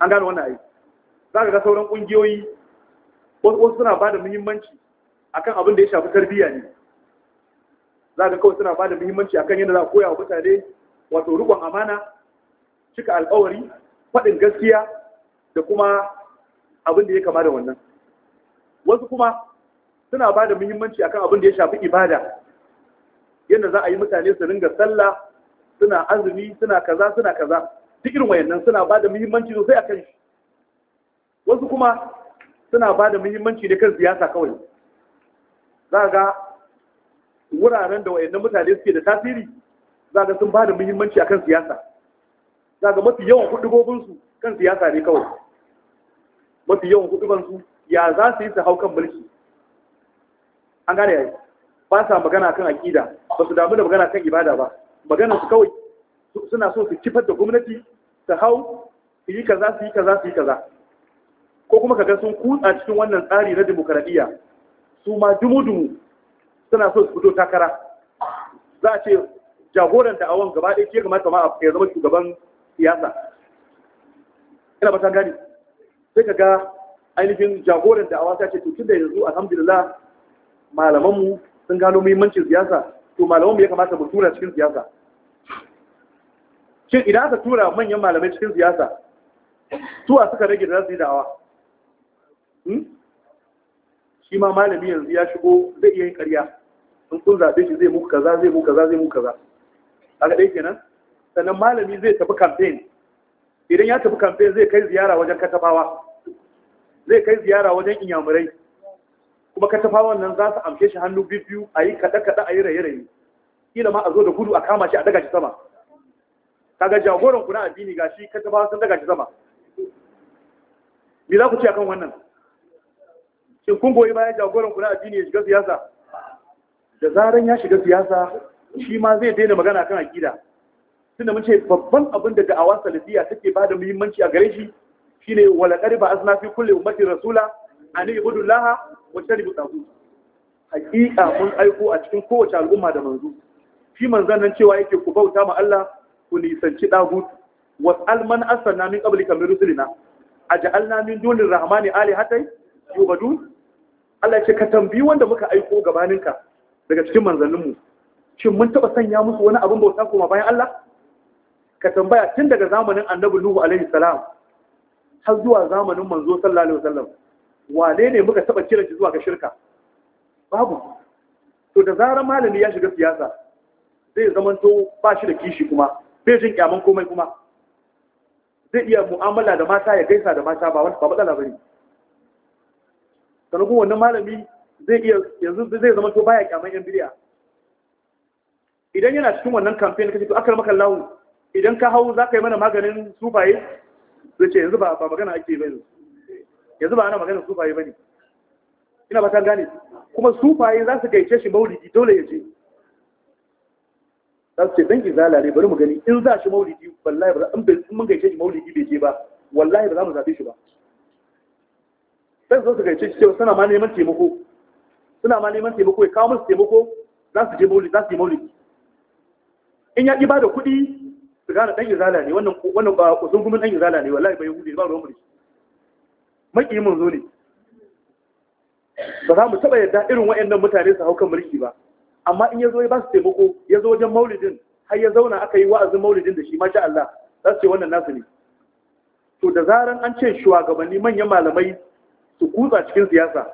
an gano wannan ayi za ka ga sauran kungiyoyi wasu suna ba da muhimmanci akan abin da ya shafi tarbiyya ne za ka kawai suna ba da muhimmanci akan yadda za a koya wa mutane wato rubon amana cika alkawari faɗin gaskiya da kuma abin da ya kama da wannan wasu kuma suna ba da muhimmanci akan abin da ya shafi ibada yadda za a yi mutane su ringa sallah suna azumi suna kaza suna kaza duk irin wayannan suna ba da muhimmanci sosai akan shi wasu kuma suna ba da muhimmanci ne kan siyasa kawai za ga wuraren da wayannan mutane suke da tasiri za ga sun ba da muhimmanci akan siyasa za ga mafi yawan kudubobinsu kan siyasa ne kawai mafi yawan su, ya za su yi su hau kan mulki an gane yayi ba sa magana kan akida ba su damu da magana kan ibada ba magana su kawai suna so su kifar da gwamnati su hau su yi kaza su yi kaza su yi kaza ko kuma kaga sun kutsa cikin wannan tsari na demokaradiyya su ma dumu-dumu suna so su fito takara za a ce jagoran da awon gaba ɗaya ke kamata ma ya zama shugaban siyasa ina ba ta gani sai ka ga ainihin jagoran da awon ta ce to da yanzu alhamdulillah malamanmu sun gano muhimmancin siyasa to malamanmu ya kamata mu tura cikin siyasa shin idan aka tura manyan malamai cikin siyasa tuwa suka rage da zai su hmm? shi ma malami yanzu ya shigo zai iya yin karya sun kun zaɓe shi zai muku kaza zai muku kaza zai muku kaza aka ɗaya kenan sannan malami zai tafi campaign idan ya tafi campaign zai kai ziyara wajen katabawa zai kai ziyara wajen inyamurai kuma tafa nan za su amshe shi hannu biyu a yi kaɗe-kaɗe a yi raye-raye ila ma a zo da gudu a kama shi a daga shi sama kaga jagoran kuna addini ga shi tafa sun daga shi sama me za ku ce akan wannan shin kun goyi bayan jagoran kuna addini ya shiga siyasa da zaran ya shiga siyasa shi ma zai daina magana kan akida tunda mun ce babban abin da da'awar salafiya take ba da muhimmanci a gare shi shine wala qariba asna fi kulli ummati rasula ani ibudu laha wacce ribu hakika mun aiko a cikin kowace al'umma da manzo shi manzan nan cewa yake ku bauta ma Allah ku nisanci ɗagu was'al alman asanna min qablika min rusulina aj'alna min dunir rahmani alihatai yubadun Allah ce ka tambayi wanda muka aiko gabaninka daga cikin manzanninmu shin mun taba sanya musu wani abin bauta kuma bayan Allah ka tambaya tun daga zamanin annabi Nuhu alaihi salam har zuwa zamanin manzo sallallahu alaihi wasallam wane ne muka taba kiran shi zuwa ga shirka babu to da zarar malami ya shiga siyasa zai zamanto ba shi da kishi kuma bai jin kyaman komai kuma zai iya mu'amala da mata ya gaisa da mata ba wani ba matsala bane sannan wannan malami zai iya yanzu zai zama to baya kyaman yan biliya idan yana cikin wannan campaign kace to akal maka lahu idan ka hau zaka yi mana maganin sufaye zai ce yanzu ba ba magana ake ba yanzu yanzu ba ana magana sufaye bane ina ba san gane kuma sufaye za su gaice shi maulidi dole ya je za su ce dan izala ne bari mu gani in za shi maulidi wallahi ba in mun gaice shi maulidi bai je ba wallahi ba za mu zabe shi ba sai su su gaice shi cewa suna ma neman taimako suna ma neman taimako ya kawo musu taimako za su je maulidi za su yi maulidi in ya ki ba da kuɗi su gane dan izala ne wannan wannan ba kusurgumin dan izala ne wallahi ba yahudi ba ruwan mulki maki zo ne ba za mu taba yadda irin wa'annan mutane su hau kan mulki ba amma in ya zo ya ba su taimako ya zo wajen maulidin har ya zauna aka yi wa'azin maulidin da shi masha Allah za su ce wannan nasu ne to da zaran an ce shugabanni manyan malamai su kutsa cikin siyasa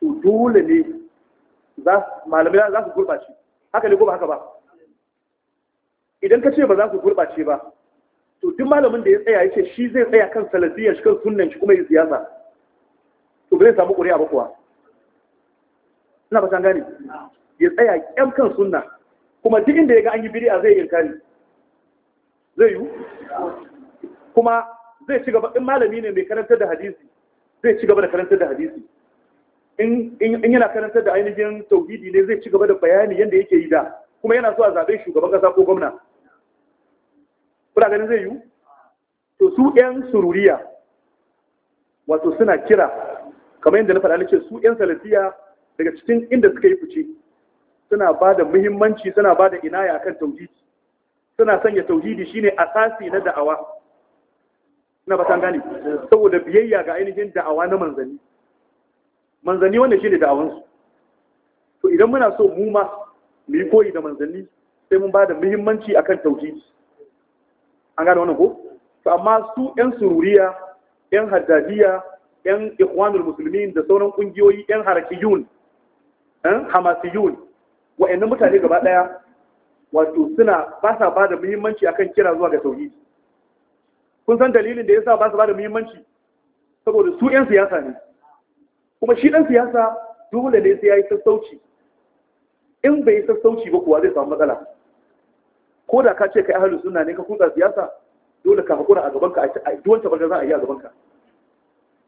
to dole ne malamai za su gurɓace haka ne ko ba haka ba idan ka ce ba za su gurɓace ba to duk malamin da ya tsaya ya ce shi zai tsaya kan salafiyar shi kan sunnan shi kuma yi siyasa to bai samu ƙuri'a ba kuwa ina ba gane ya tsaya kyam kan sunna kuma duk inda ya ga an yi bid'a zai inkari zai yi kuma zai ci gaba in malami ne mai karantar da hadisi zai ci gaba da karantar da hadisi in yana karantar da ainihin tauhidi ne zai ci gaba da bayani yadda yake yi da kuma yana so a zaɓe shugaban kasa ko gwamna kuna ganin zai yiwu to su yan sururiya wato suna kira kamar yadda na faɗa na ce su yan salafiya daga cikin inda suka yi fice suna ba da muhimmanci suna ba da inaya akan tauhidi suna sanya tauhidi shine asasi na da'awa na batan gane saboda biyayya ga ainihin da'awa na manzanni manzanni wanda shine da'awansu to idan muna so mu ma mu yi koyi da manzanni sai mun ba da muhimmanci akan tauhidi an gane wannan ko to amma su yan sururiya yan haddadiya yan ikhwanul musulmi, da sauran kungiyoyi yan harakiyun yan hamasiyun wa'annan mutane gaba daya wato suna ba sa ba da muhimmanci akan kira zuwa ga tauhidi kun san dalilin da yasa ba sa ba da muhimmanci saboda su yan siyasa ne kuma shi dan siyasa dole ne sai yi sassauci in bai sassauci ba kuwa zai samu matsala ko da ka ce kai ahlus sunna ne ka kusa siyasa dole ka hakura a gaban ka a duwanta wanda da za a yi a gaban ka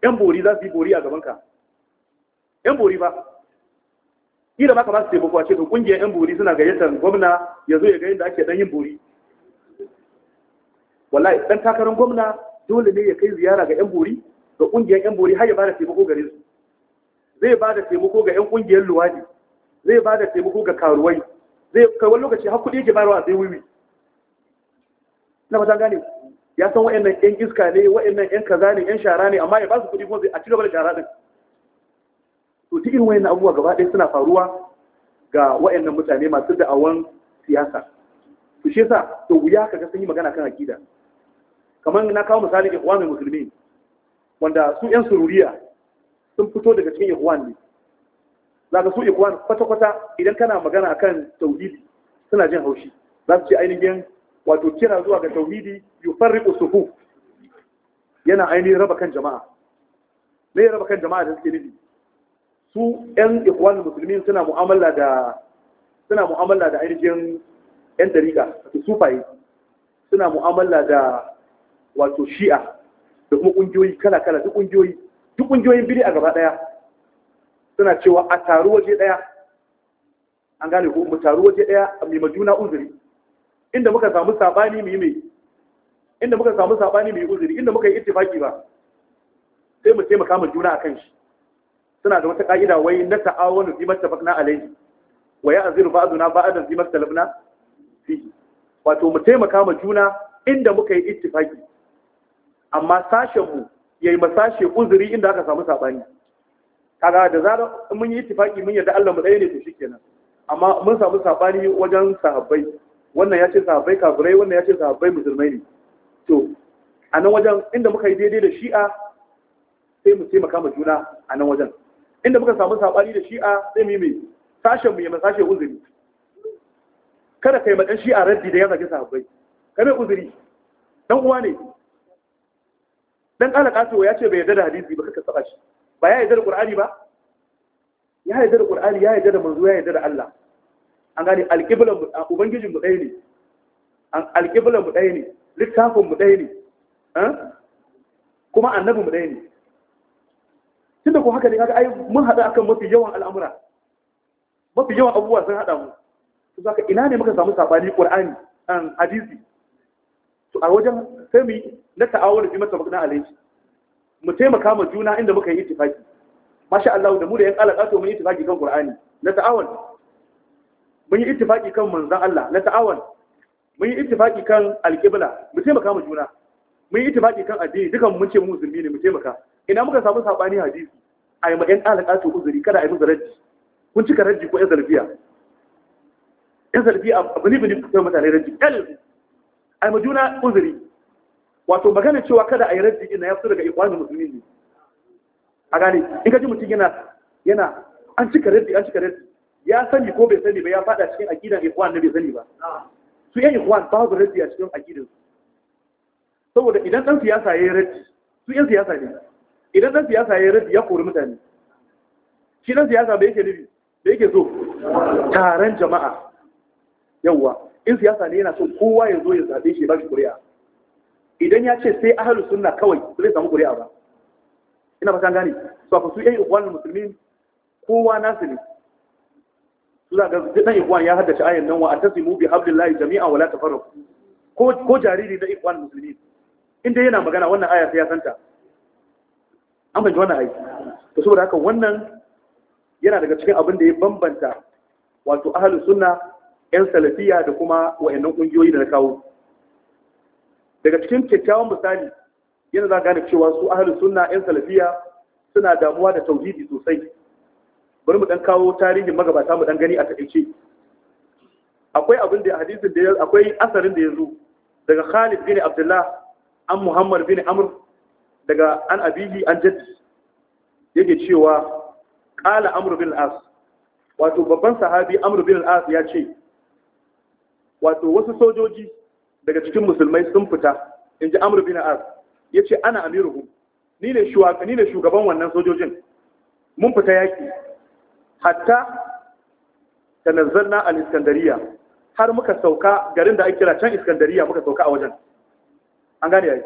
yan bori za su yi bori a gaban ka yan bori ba kila ma kamar su taimako a ce to kungiyar yan bori suna gayyatar gwamna ya zo ya ga yadda ake dan yin bori wallahi dan takarar gwamna dole ne ya kai ziyara ga yan bori ga kungiyar yan bori har ya bada taimako gare su zai bada taimako ga yan kungiyar luwadi zai bada taimako ga karuwai zai kai wani lokaci har kuɗi yake bayarwa sai wiwi na fata gane ya san wa'annan yan iska ne wa'annan yan kaza ne yan shara ne amma ya ba su kuɗi kuma a cikin da shara din to cikin irin wa'annan abubuwa gaba ɗaya suna faruwa ga wa'annan mutane masu da'awan siyasa to shi yasa to wuya kaga sun yi magana kan akida kamar na kawo misali ikhwanul muslimin wanda su yan sururiya sun fito daga cikin ikhwan ne zaka su ikwan kwata-kwata idan kana magana akan tauhidi suna jin haushi za su ce ainihin wato kira zuwa ga tauhidi yufarriqu sufu yana ainihin raba kan jama'a me ya raba kan jama'a da suke nufi su yan ikwanul musulmin suna mu'amala da suna mu'amala da ainihin yan dariƙa su sufaye suna mu'amala da wato shi'a da kuma ƙungiyoyi kala-kala duk kungiyoyi duk ƙungiyoyin biri a gaba ɗaya suna cewa a taru waje ɗaya an gane ko mu taru waje ɗaya a mai majuna uzuri inda muka samu sabani mu yi mai inda muka samu sabani mu yi uzuri inda muka yi ittifaki ba sai mu taimaka mu juna akan shi suna da wata ka'ida wai na ta'awunu bi mattafaqna alayhi wa ya'ziru ba'duna ba'dan bi mattalabna fihi wato mu taimaka mu juna inda muka yi ittifaki amma sashen mu yayi masashe uzuri inda aka samu sabani kaga da zara mun yi tifaki mun yarda Allah mu ɗaya ne to shikenan amma mun samu sabani wajen sahabbai wannan ya ce sahabbai kafirai wannan ya ce sahabbai musulmai ne to a nan wajen inda muka yi daidai da shi'a sai mu taimaka ma juna a nan wajen inda muka samu sabani da shi'a sai mu yi mai sashen mu yi mai sashen uzuri kada kai madan shi'a raddi da ya zage sahabbai kada uzuri dan uwa ne dan alaka to ya ce bai yarda da hadisi ba kaka saka shi ba ya yi da qur'ani ba ya yi da qur'ani ya yi da manzo ya yi da Allah an gane alqiblan mu ubangijin mu ɗaya ne an alqiblan mu ɗaya ne littafin mu ɗaya ne kuma annabi mu ɗaya ne tunda ko haka ne kaga ai mun haɗu akan mafi yawan al'amura mafi yawan abubuwa sun haɗa mu to zaka ina ne muka samu sabani qur'ani an hadisi to a wajen sai mu na ta'awul bi mata magana alaihi mu taimaka ma juna inda muka yi ittifaki masha Allah da mu da yan alaka to mun yi ittifaki kan Qur'ani na ta'awun mun yi ittifaki kan manzon Allah na ta'awun mun yi ittifaki kan alqibla mu taimaka ma juna mun yi ittifaki kan addini dukan mun ce musulmi ne mu taimaka ina muka samu sabani hadisi ai ma yan alaka to uzuri kada ai muzaraji kun cika raji ko yan zarfiya yan zarfiya abu ne bane ku mutane raji el ai ma juna uzuri wato magana cewa kada a yi raddi ina ya fito daga ikwani musulmi ne a gane in ka ji mutum yana yana an cika raddi an cika raddi ya sani ko bai sani ba ya fada cikin akidan ikwani na bai sani ba su yan ba babu raddi a cikin akidan saboda idan dan siyasa ya yi raddi su yan siyasa ne idan dan siyasa ya yi raddi ya kori mutane shi dan siyasa bai yake nufi bai yake so taron jama'a yawwa in siyasa ne yana so kowa ya zo ya zabe shi ba shi kuri'a idan ya ce sai Ahalus sunna kawai su zai samu ƙuri'a ba ina ba gane su aka su yan ikhwanul musulmi kowa nasu ne su za ga dan ikhwan ya haddace ayan nan wa mu bi layi jami'a wala ta faru ko jariri na ikhwanul musulmi inda yana magana wannan aya sai ya santa an ban wannan aiki. to saboda haka wannan yana daga cikin abin da ya bambanta wato ahlus sunna yan salafiya da kuma wa'annan kungiyoyi da na kawo daga cikin kyakkyawan misali yana za gane cewa su ahalin sunna yan salafiya suna damuwa da tauhidi sosai bari mu dan kawo tarihin magabata mu dan gani a takaice akwai abin da hadisin da akwai asarin da ya zo daga Khalid bin Abdullah an Muhammad bin Amr daga an abihi an jaddi yake cewa qala Amr bin al-As wato babban sahabi Amr bin al-As ya ce wato wasu sojoji daga cikin musulmai sun fita in ji amur bin az ya ce ana amiruhu ni ne shugaban wannan sojojin mun fita yaƙi hatta ta nazzalna al iskandariya har muka sauka garin da ake kira can iskandariya muka sauka a wajen an gane yayi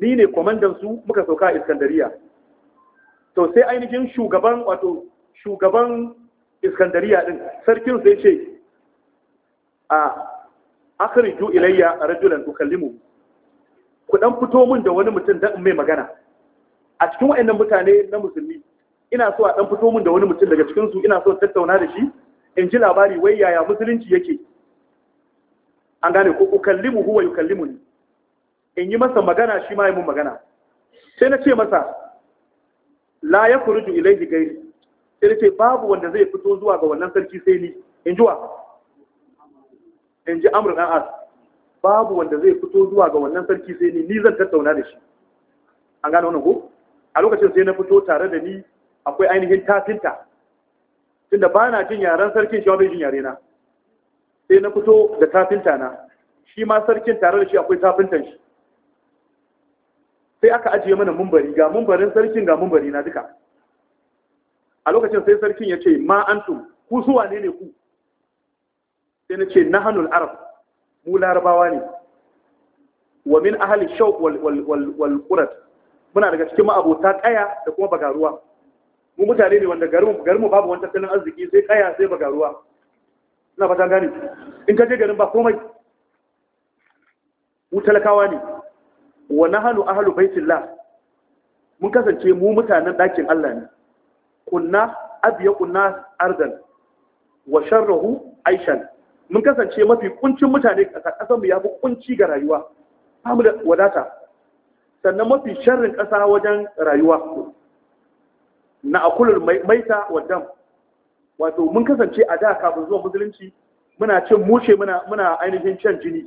ni ne kwamandan su muka sauka a iskandariya to sai ainihin shugaban wato shugaban iskandariya din sarkin sai ce a akhriju ilayya rajulan ukallimu ku dan fito min da wani mutum dan mai magana a cikin wayannan mutane na musulmi ina so a dan fito min da wani mutum daga cikin su ina so tattauna da shi in ji labari wai yaya musulunci yake an gane ko ukallimu huwa yukallimuni in yi masa magana shi ma yi mun magana sai na ce masa la ya ilayhi gairi sai ce babu wanda zai fito zuwa ga wannan sarki sai ni in ji wa in ji amur ɗan as babu wanda zai fito zuwa ga wannan sarki sai ni ni zan tattauna da shi an gane wannan ko a lokacin sai na fito tare da ni akwai ainihin tafinta tunda ba na jin yaren sarkin shi bai jin yare na sai na fito da tafinta na shi ma sarkin tare da shi akwai tafintan shi sai aka ajiye mana mumbari ga mumbarin sarkin ga mumbari na duka a lokacin sai sarkin ya ce ma ku su ne ne ku sai na ce na hannun arab mu larabawa ne wa min ahalin shawq wal wal muna daga cikin ma'abota kaya da kuma bagaruwa mu mutane ne wanda garin mu babu wani tattalin arziki sai kaya sai bagaruwa ina fata gane in ka je garin ba komai mu talakawa ne wa na nahanu ahlu baitillah mun kasance mu mutanen ɗakin Allah ne kunna abiya kunna ardan wa sharrahu aishan mun kasance mafi kuncin mutane a ƙasar ya fi kunci ga rayuwa ba mu da wadata sannan mafi sharrin ƙasa wajen rayuwa na akulul maita wa wato mun kasance a da kafin zuwa musulunci muna cin mushe muna muna ainihin cin jini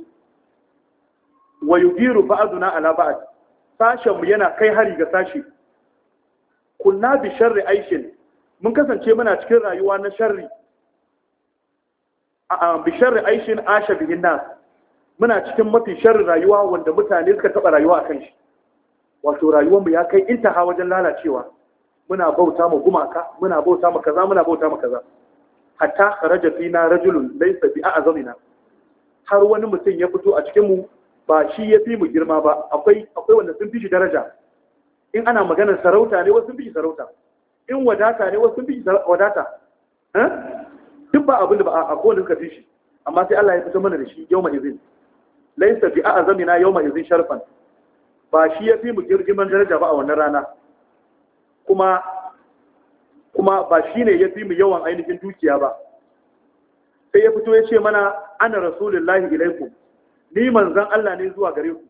wa yugiru ba'duna ala ba'd sashen mu yana kai hari ga sashi kunna bi sharri aishin mun kasance muna cikin rayuwa na sharri bishar sharri aishin asha bihin nas muna cikin mafi sharri rayuwa wanda mutane suka taba rayuwa a kan shi wato rayuwar mu ya kai intaha wajen lalacewa muna bauta mu gumaka muna bauta mu kaza muna bauta mu kaza hatta kharaja fina rajulun laysa bi a'zamina har wani mutum ya fito a cikin mu ba shi ya fi mu girma ba akwai akwai wanda sun fi shi daraja in ana maganar sarauta ne wasu sun fi shi sarauta in wadata ne wasu sun fi shi wadata eh duk ba abin da ba a kowane suka fi shi amma sai Allah ya fita mana da shi yau ma izin laisa fi a na, yau ma izin sharfan ba shi ya fi mu girgiman daraja ba a wannan rana kuma ba shi ne ya fi mu yawan ainihin dukiya ba sai ya fito ya ce mana ana rasulullahi ilaikum ni manzan Allah ne zuwa gare ku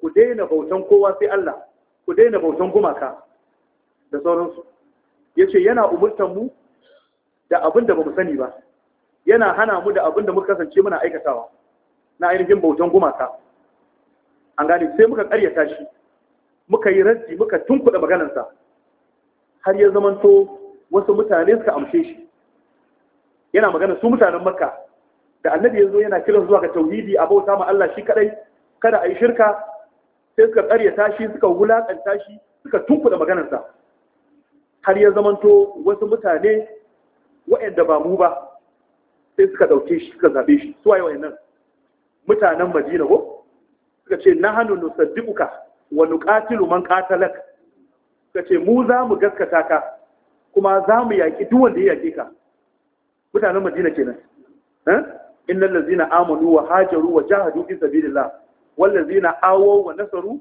ku daina bautan kowa sai Allah ku daina bautan gumaka da sauransu ya ce yana umurtan mu da abin da ba mu sani ba yana hana mu da abin da muka kasance muna aikatawa na ainihin bautan gumaka an gane sai muka karyata shi muka yi raddi muka tunkuɗa maganarsa har ya zamanto wasu mutane suka amshe shi yana magana su mutanen makka da annabi ya zo yana kiran zuwa ga tauhidi a bauta ma Allah shi kadai kada a yi shirka sai suka karyata shi suka wulakanta shi suka tunkuɗa maganarsa har ya zamanto wasu mutane waɗanda ba mu ba sai suka ɗauke shi suka zaɓe shi su waye nan mutanen madina ko suka ce na hannu nusaddibuka wa nuqatilu man qatalak suka ce mu za mu gaskata ka kuma za mu yaƙi duk wanda ya yaƙe ka mutanen madina kenan eh innal ladzina amanu wa hajaru wa jahadu fi sabilillah wal ladzina wa nasaru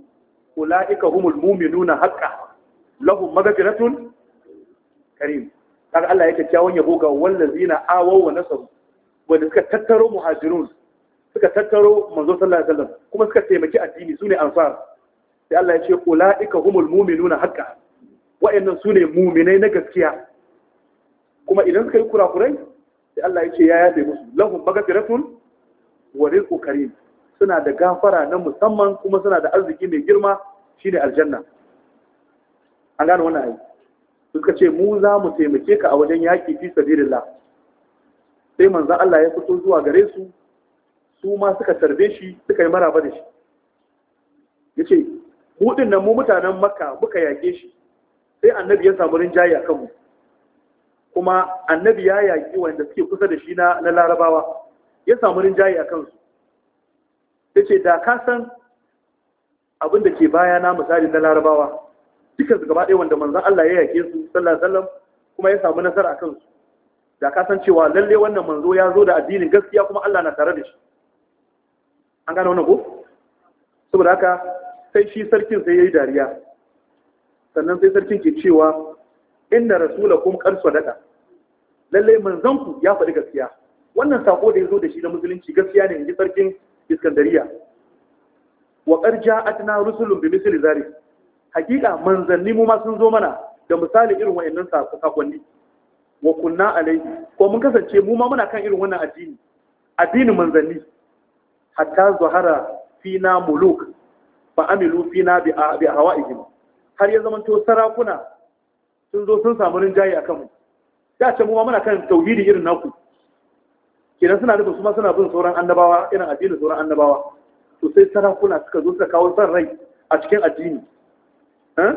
ulaika humul mu'minuna haqqan lahum maghfiratun karim kaga Allah ya kyakkyawan yabo ga wallazina awaw wa nasabu wanda suka tattaro muhajirun suka tattaro manzo sallallahu alaihi wasallam kuma suka taimaki addini sune ansar sai Allah ya ce ulaika humul mu'minuna haqqan wa'annan sune mu'minai na gaskiya kuma idan suka yi kurakurai sai Allah ya ce ya yabe musu lahum maghfiratun wa rizqu karim suna da gafara na musamman kuma suna da arziki mai girma shine aljanna an gane wannan ayi suka ce mu za mu taimake ka a wajen yaƙi fi sabilillah sai manzon Allah ya fito zuwa gare su su ma suka tarbe shi suka yi maraba da shi yace mu dinnan mu mutanen Makka muka yaƙe shi sai annabi ya samu rinjaye a kanmu kuma annabi ya yaƙi wanda suke kusa da shi na larabawa ya samu rinjaye a kansu ya ce da ka san abin da ke baya na misali na larabawa dukkan su gaba ɗaya wanda manzan Allah ya yake su sallallahu alaihi wasallam kuma ya samu nasara akan su da ka san cewa lalle wannan manzo ya zo da addinin gaskiya kuma Allah na tare da shi an gane wannan ko saboda haka sai shi sarkin sai yayi dariya sannan sai sarkin ke cewa inna rasulakum qad sadaqa lalle manzon ku ya faɗi gaskiya wannan sako da yazo da shi na musulunci gaskiya ne inji sarkin Iskandariya wa qad ja'atna rusulun bi misli zalik hakika manzanni mu ma sun zo mana da misali irin wayannan sakonni wa kunna alai. ko mun kasance mu ma muna kan irin wannan addini addinin manzanni hatta zuhara fina muluk fa amilu fina bi bi hawaihim har ya zamanto sarakuna sun zo sun samu rinjaye akan mu da ce mu ma muna kan tauhidi irin naku kenan suna da su ma suna bin sauran annabawa irin addinin sauran annabawa to sai sarakuna suka zo suka kawo san rai a cikin addini sai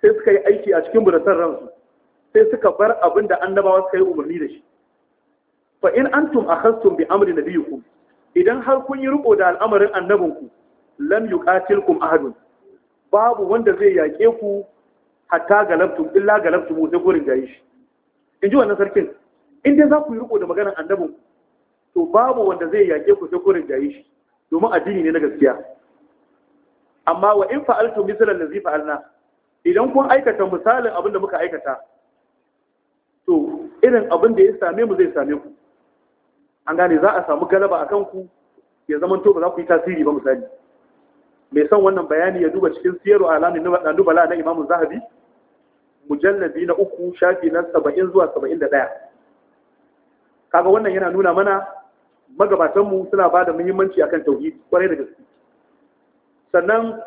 suka yi aiki a cikin burasar ransu sai suka bar abin da annabawa suka yi umarni da shi fa in antum akhastum bi amri nabiyikum idan har kun yi riko da al'amarin annabinku lam yuqatilkum ahadun babu wanda zai yaƙe ku hatta galabtum illa galabtum sai gurin gayi shi in ji wannan sarkin in dai za ku yi riko da maganar annabinku to babu wanda zai yaƙe ku sai gurin gayi shi domin addini ne na gaskiya amma wa in fa'altu mislan zai fa'alna idan kun aikata misalin abin da muka aikata to irin abin da ya same mu zai same ku an gane za a samu galaba a kanku ya zama to ba za ku yi tasiri ba misali mai son wannan bayani ya duba cikin siyarwa alamin na dubala na imamun zahabi mujallabi na uku shafi na saba'in zuwa saba'in da ɗaya kaga wannan yana nuna mana magabatanmu suna ba da muhimmanci akan tauhidi kwarai da gaske sannan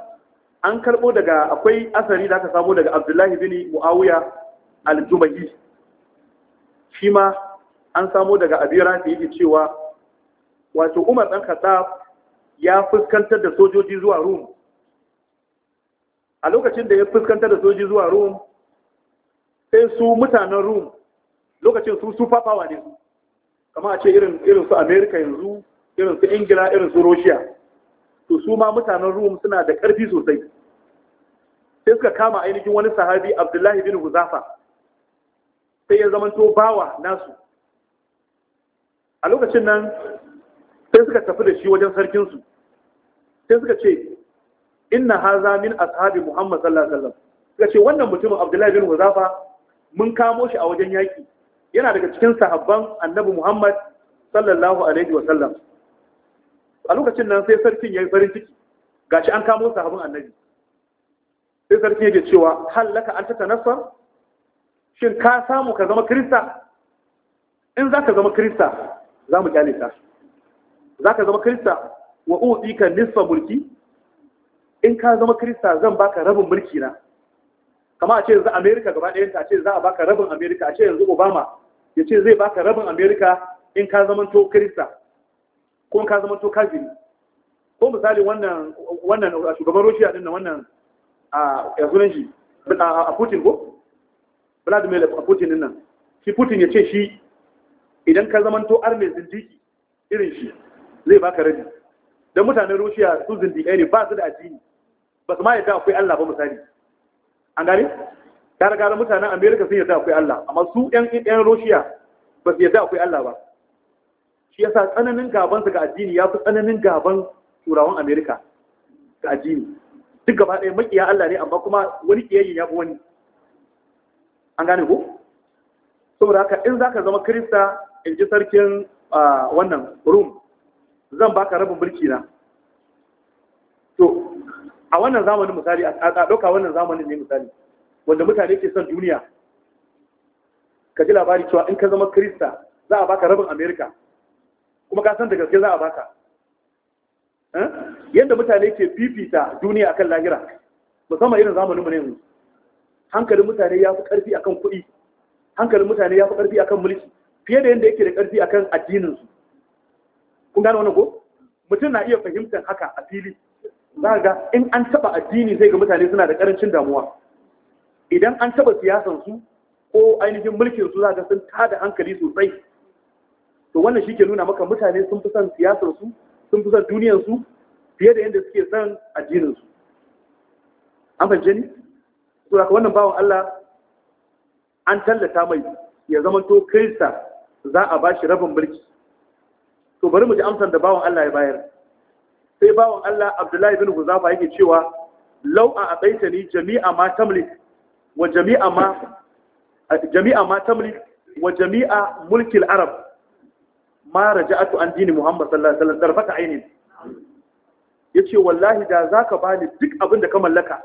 an karbo daga akwai asari da aka samu daga abdullahi bin mu'awiya al-jumahi shi ma an samu daga abira da yake cewa wato umar dan khattab ya fuskantar da sojoji zuwa rum a lokacin da ya fuskantar da sojoji zuwa rum sai su mutanen rum lokacin su su fafawa ne Kama a ce irin su amerika yanzu irin su ingila irin su russia to su ma mutanen rum suna da ƙarfi sosai sai suka kama ainihin wani sahabi abdullahi bin huzafa sai ya to bawa nasu a lokacin nan sai suka tafi da shi wajen sarkinsu sai suka ce inna haza min ashabi muhammad sallallahu alaihi wasallam suka ce wannan mutumin abdullahi bin huzafa mun kamo shi a wajen yaki yana daga cikin sahabban annabi muhammad sallallahu alaihi wasallam a lokacin nan sai sarkin ya yi farin ciki shi an kamo sahabin annabi sai sarkin yake cewa hallaka an ta tanassar shin ka samu ka zama kirista in za ka zama kirista za mu kyale ta za ka zama kirista wa uzi ka nisa mulki in ka zama kirista zan baka rabin mulki na kama a ce yanzu Amerika gaba ɗayan ta ce za a baka rabin Amerika. a ce yanzu obama ya ce zai baka rabin Amerika in ka zama to kirista Ko ka zama to kafiri ko misali wannan wannan shugaban Russia din nan wannan a yanzu shi a Putin ko Vladimir Putin din nan shi Putin ya ce shi idan ka zama to arme zindiki irin shi zai baka rabi dan mutanen Russia su zindikai ne ba su da addini ba su ma yadda akwai Allah ba misali an gane ta riga mutanen America sun yadda akwai Allah amma su ƴan ƴan Russia ba su yadda akwai Allah ba shi yasa tsananin gaban su ga addini ya fi tsananin gaban turawan amerika ga addini duk gaba ɗaya makiya allah ne amma kuma wani kiyayi ya fi wani an gane ku? saboda haka in za ka zama kirista in ji sarkin wannan rum zan baka rabin birki na to a wannan zamanin misali a ɗauka wannan zamanin ne misali wanda mutane ke son duniya ka ji labari cewa in ka zama kirista za a baka rabin amerika kuma ka san da gaske za a baka eh? yadda mutane ke fifita duniya akan lahira musamman irin zamaninmu ne yanzu hankalin mutane ya fi ƙarfi akan kuɗi hankalin mutane ya fi ƙarfi akan mulki fiye da yadda yake da ƙarfi akan addininsu kun gane wannan ko mutum na iya fahimtar haka a fili za ga in an taɓa addini zai ga mutane suna da ƙarancin damuwa idan an taɓa siyasansu ko ainihin mulkin su za ga sun tada hankali sosai to wannan shi ke nuna maka mutane sun fi son siyasarsu sun fi son duniyarsu fiye da yadda suke son addininsu an fahimce ni to daga wannan bawan Allah an tallata mai ya zama to kirista za a ba shi rabin birki. to bari mu ji amsar da bawan Allah ya bayar sai bawan Allah Abdullahi bin Huzafa yake cewa law a ataitani jami'a ma tamlik wa jami'a ma jami'a ma tamlik wa jami'a mulkil arab ma raja'atu an dini Muhammad sallallahu alaihi wasallam darfata ainin yace wallahi da zaka bani duk abin da ka mallaka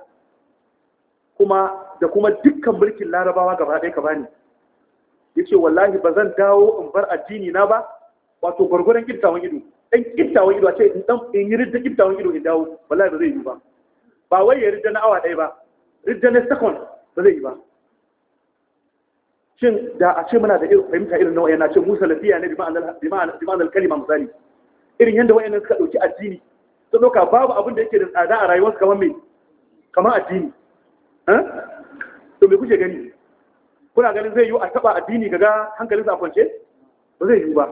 kuma da kuma dukkan mulkin Larabawa gaba ɗaya ka bani yace wallahi bazan dawo in bar addini na ba wato gurgurun kiftawan ido dan kiftawan ido a ce in dan in yiri da kiftawan ido in dawo wallahi ba zai yi ba ba wai ya ridda na awa ɗaya ba ridda na second ba zai yi ba shin da a ce muna da irin fahimta irin na wayannan ce musa lafiya ne bi ma'anar kalima misali irin yadda wayannan suka ɗauki addini sun ɗauka babu abin da yake da tsada a rayuwarsu kamar mai kamar addini eh? to me kuke gani kuna ganin zai yiwu a taɓa addini ga ga su a kwance ba zai yiwu ba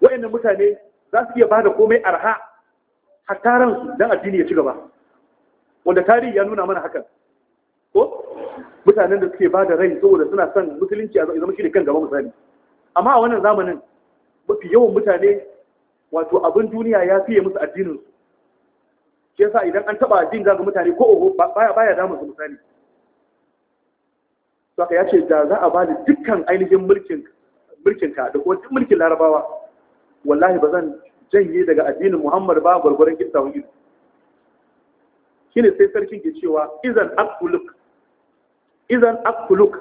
wayannan mutane za su iya bada da komai arha hatta ransu don addini ya ci gaba wanda tarihi ya nuna mana hakan ko mutanen da suke ba da rai saboda suna son musulunci a zama shi da kan gaba misali amma a wannan zamanin mafi yawan mutane wato abin duniya ya fiye musu addinin su shi yasa idan an taba addini zaka mutane ko oho baya baya da musu misali to aka yace da za a bada dukkan ainihin mulkin mulkin ka da kuma mulkin larabawa wallahi ba zan janye daga addinin Muhammad ba gurgurun kitabun ido shine sai sarkin ke cewa izan aquluk izan akuluk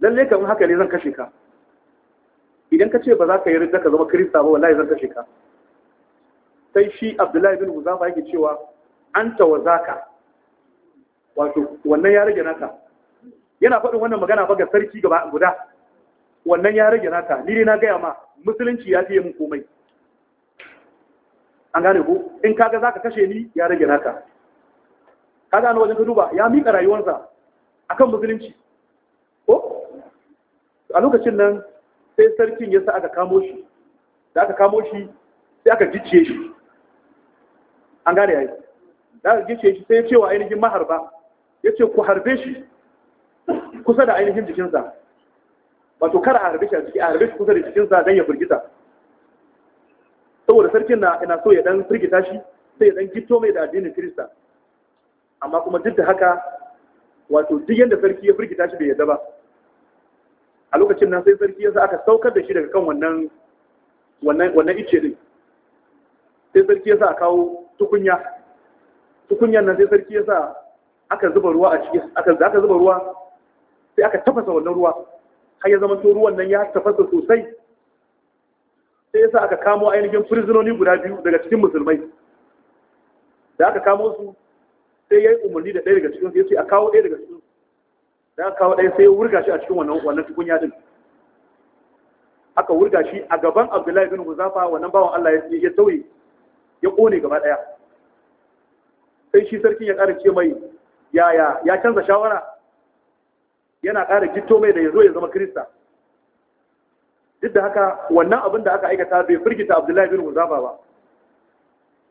lalle kamar haka ne zan kashe ka idan ka ce ba za ka yi rinda ka zama kirista ba wallahi zan kashe ka sai shi abdullahi bin huzafa yake cewa an tawa zaka wato wannan ya rage naka yana faɗin wannan magana ba ga sarki gaba guda wannan ya rage naka ni dai na gaya ma musulunci ya fiye min komai an gane ko in kaga zaka kashe ni ya rage naka Ka na wajen ka duba ya miƙa rayuwarsa A kan musulunci ko a lokacin nan sai sarkin ya sa aka kamo shi da aka kamo shi sai aka gice shi an gane yayi da aka gice shi sai ya ce wa ainihin maharba ya ce ku harbe shi kusa da ainihin jikinsa wato kar a harbe shi a jiki a harbe shi kusa da jikinsa don ya firgita saboda sarkin na ina so ya dan firgita shi sai ya dan gito mai da addinin kirista amma kuma duk da haka wato duk yadda sarki ya firgita shi bai yadda ba a lokacin nan sai sarki yasa aka saukar da shi daga kan wannan wannan wannan ice din sai sarki yasa a kawo tukunya tukunyan nan sai sarki yasa aka zuba ruwa a ciki aka ka zuba ruwa sai aka tafasa wannan ruwa har ya zama to ruwan nan ya tafasa sosai sai yasa aka kamo ainihin fursunoni guda biyu daga cikin musulmai da aka kamo su sai ya yi umarni da ɗaya daga cikin ya sai a kawo ɗaya daga cikin Sai a kawo ɗaya sai ya wurga shi a cikin wannan wannan tukunya din aka wurga shi a gaban Abdullahi bin Huzafa wannan bawan Allah ya tauye ya ƙone gaba ɗaya sai shi sarkin ya ƙara ce mai yaya ya canza shawara yana ƙara gito mai da ya zo ya zama Kirista duk da haka wannan abin da aka aikata bai firgita Abdullahi bin Huzafa ba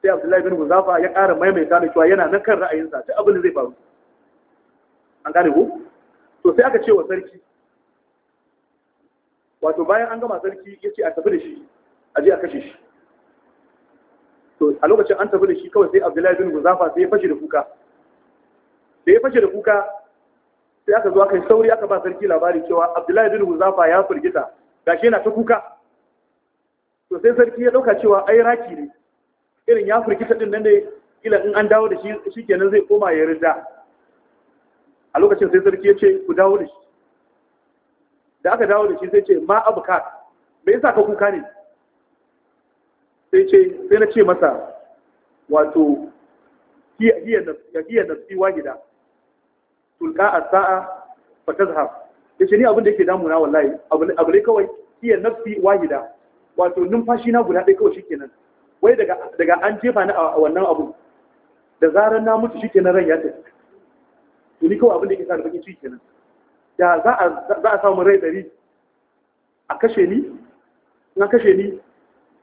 sai abdullahi bin muzafa ya ƙara maimaita da cewa yana nan kan ra'ayinsa sai abin da zai faru an gane ku to sai aka ce wa sarki wato bayan an gama sarki ya ce a tafi da shi a je a kashe shi to a lokacin an tafi da shi kawai sai abdullahi bin muzafa sai ya fashe da kuka da ya fashe da kuka sai aka zo aka yi sauri aka ba sarki labari cewa abdullahi bin muzafa ya firgita gashi yana ta kuka to sai sarki ya ɗauka cewa ai raki ne irin ya firgita din nan da kila in an dawo da shi shikenan zai koma ya rida a lokacin sai sarki ya ce ku dawo da shi da aka dawo da shi sai ce ma abuka me yasa ka kuka ne sai ce sai na ce masa wato hiya nafsi wahida tulka a saa fa Ya ce ni abin da yake damuna wallahi abu ne kawai hiya nafsi wahida wato numfashi na guda ɗaya kawai shikenan wai daga an jefa ni a wannan abu da zarar na mutu shike na ran ya tafi to ni kawai abin da yake sa da bakin ciki kenan da za a za a samu rai dari a kashe ni na kashe ni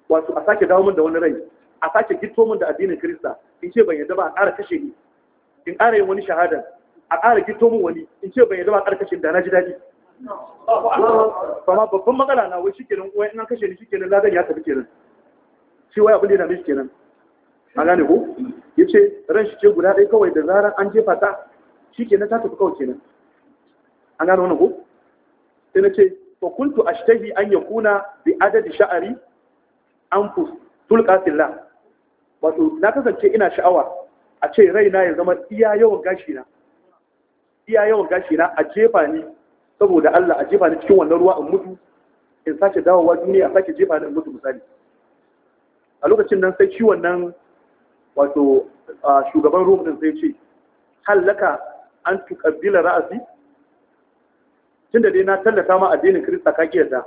wato a sake dawo min da wani rai a sake gito min da addinin Kirista in ce ban yadda ba a ƙara kashe ni in ƙara yin wani shahada a ƙara gito min wani in ce ban yadda ba a ƙara kashe ni da na ji daɗi ba babban matsala na wai shi shikenan wai in an kashe ni shi shikenan ladan ya tafi kenan shi wai abin da na dame shi kenan a gane ko ya ce ran shi ce guda ɗaya kawai da zarar an jefa ta shi ke ta tafi kawai kenan a gane wani ko sai na ce fa kuntu shi an kuna bi adadi sha'ari an tulqa fillah wato na kasance ina sha'awa a ce raina ya zama iya yawan gashi na iya yawan gashi na a jefa ni saboda Allah a jefa ni cikin wannan ruwa in mutu in sake dawowa duniya a sake jefa ni in mutu misali a lokacin nan sai ciwon nan wato shugaban rum din sai ce hallaka an tukabila ra'asi tunda dai na tallata ma addinin Kirista ka kiyarta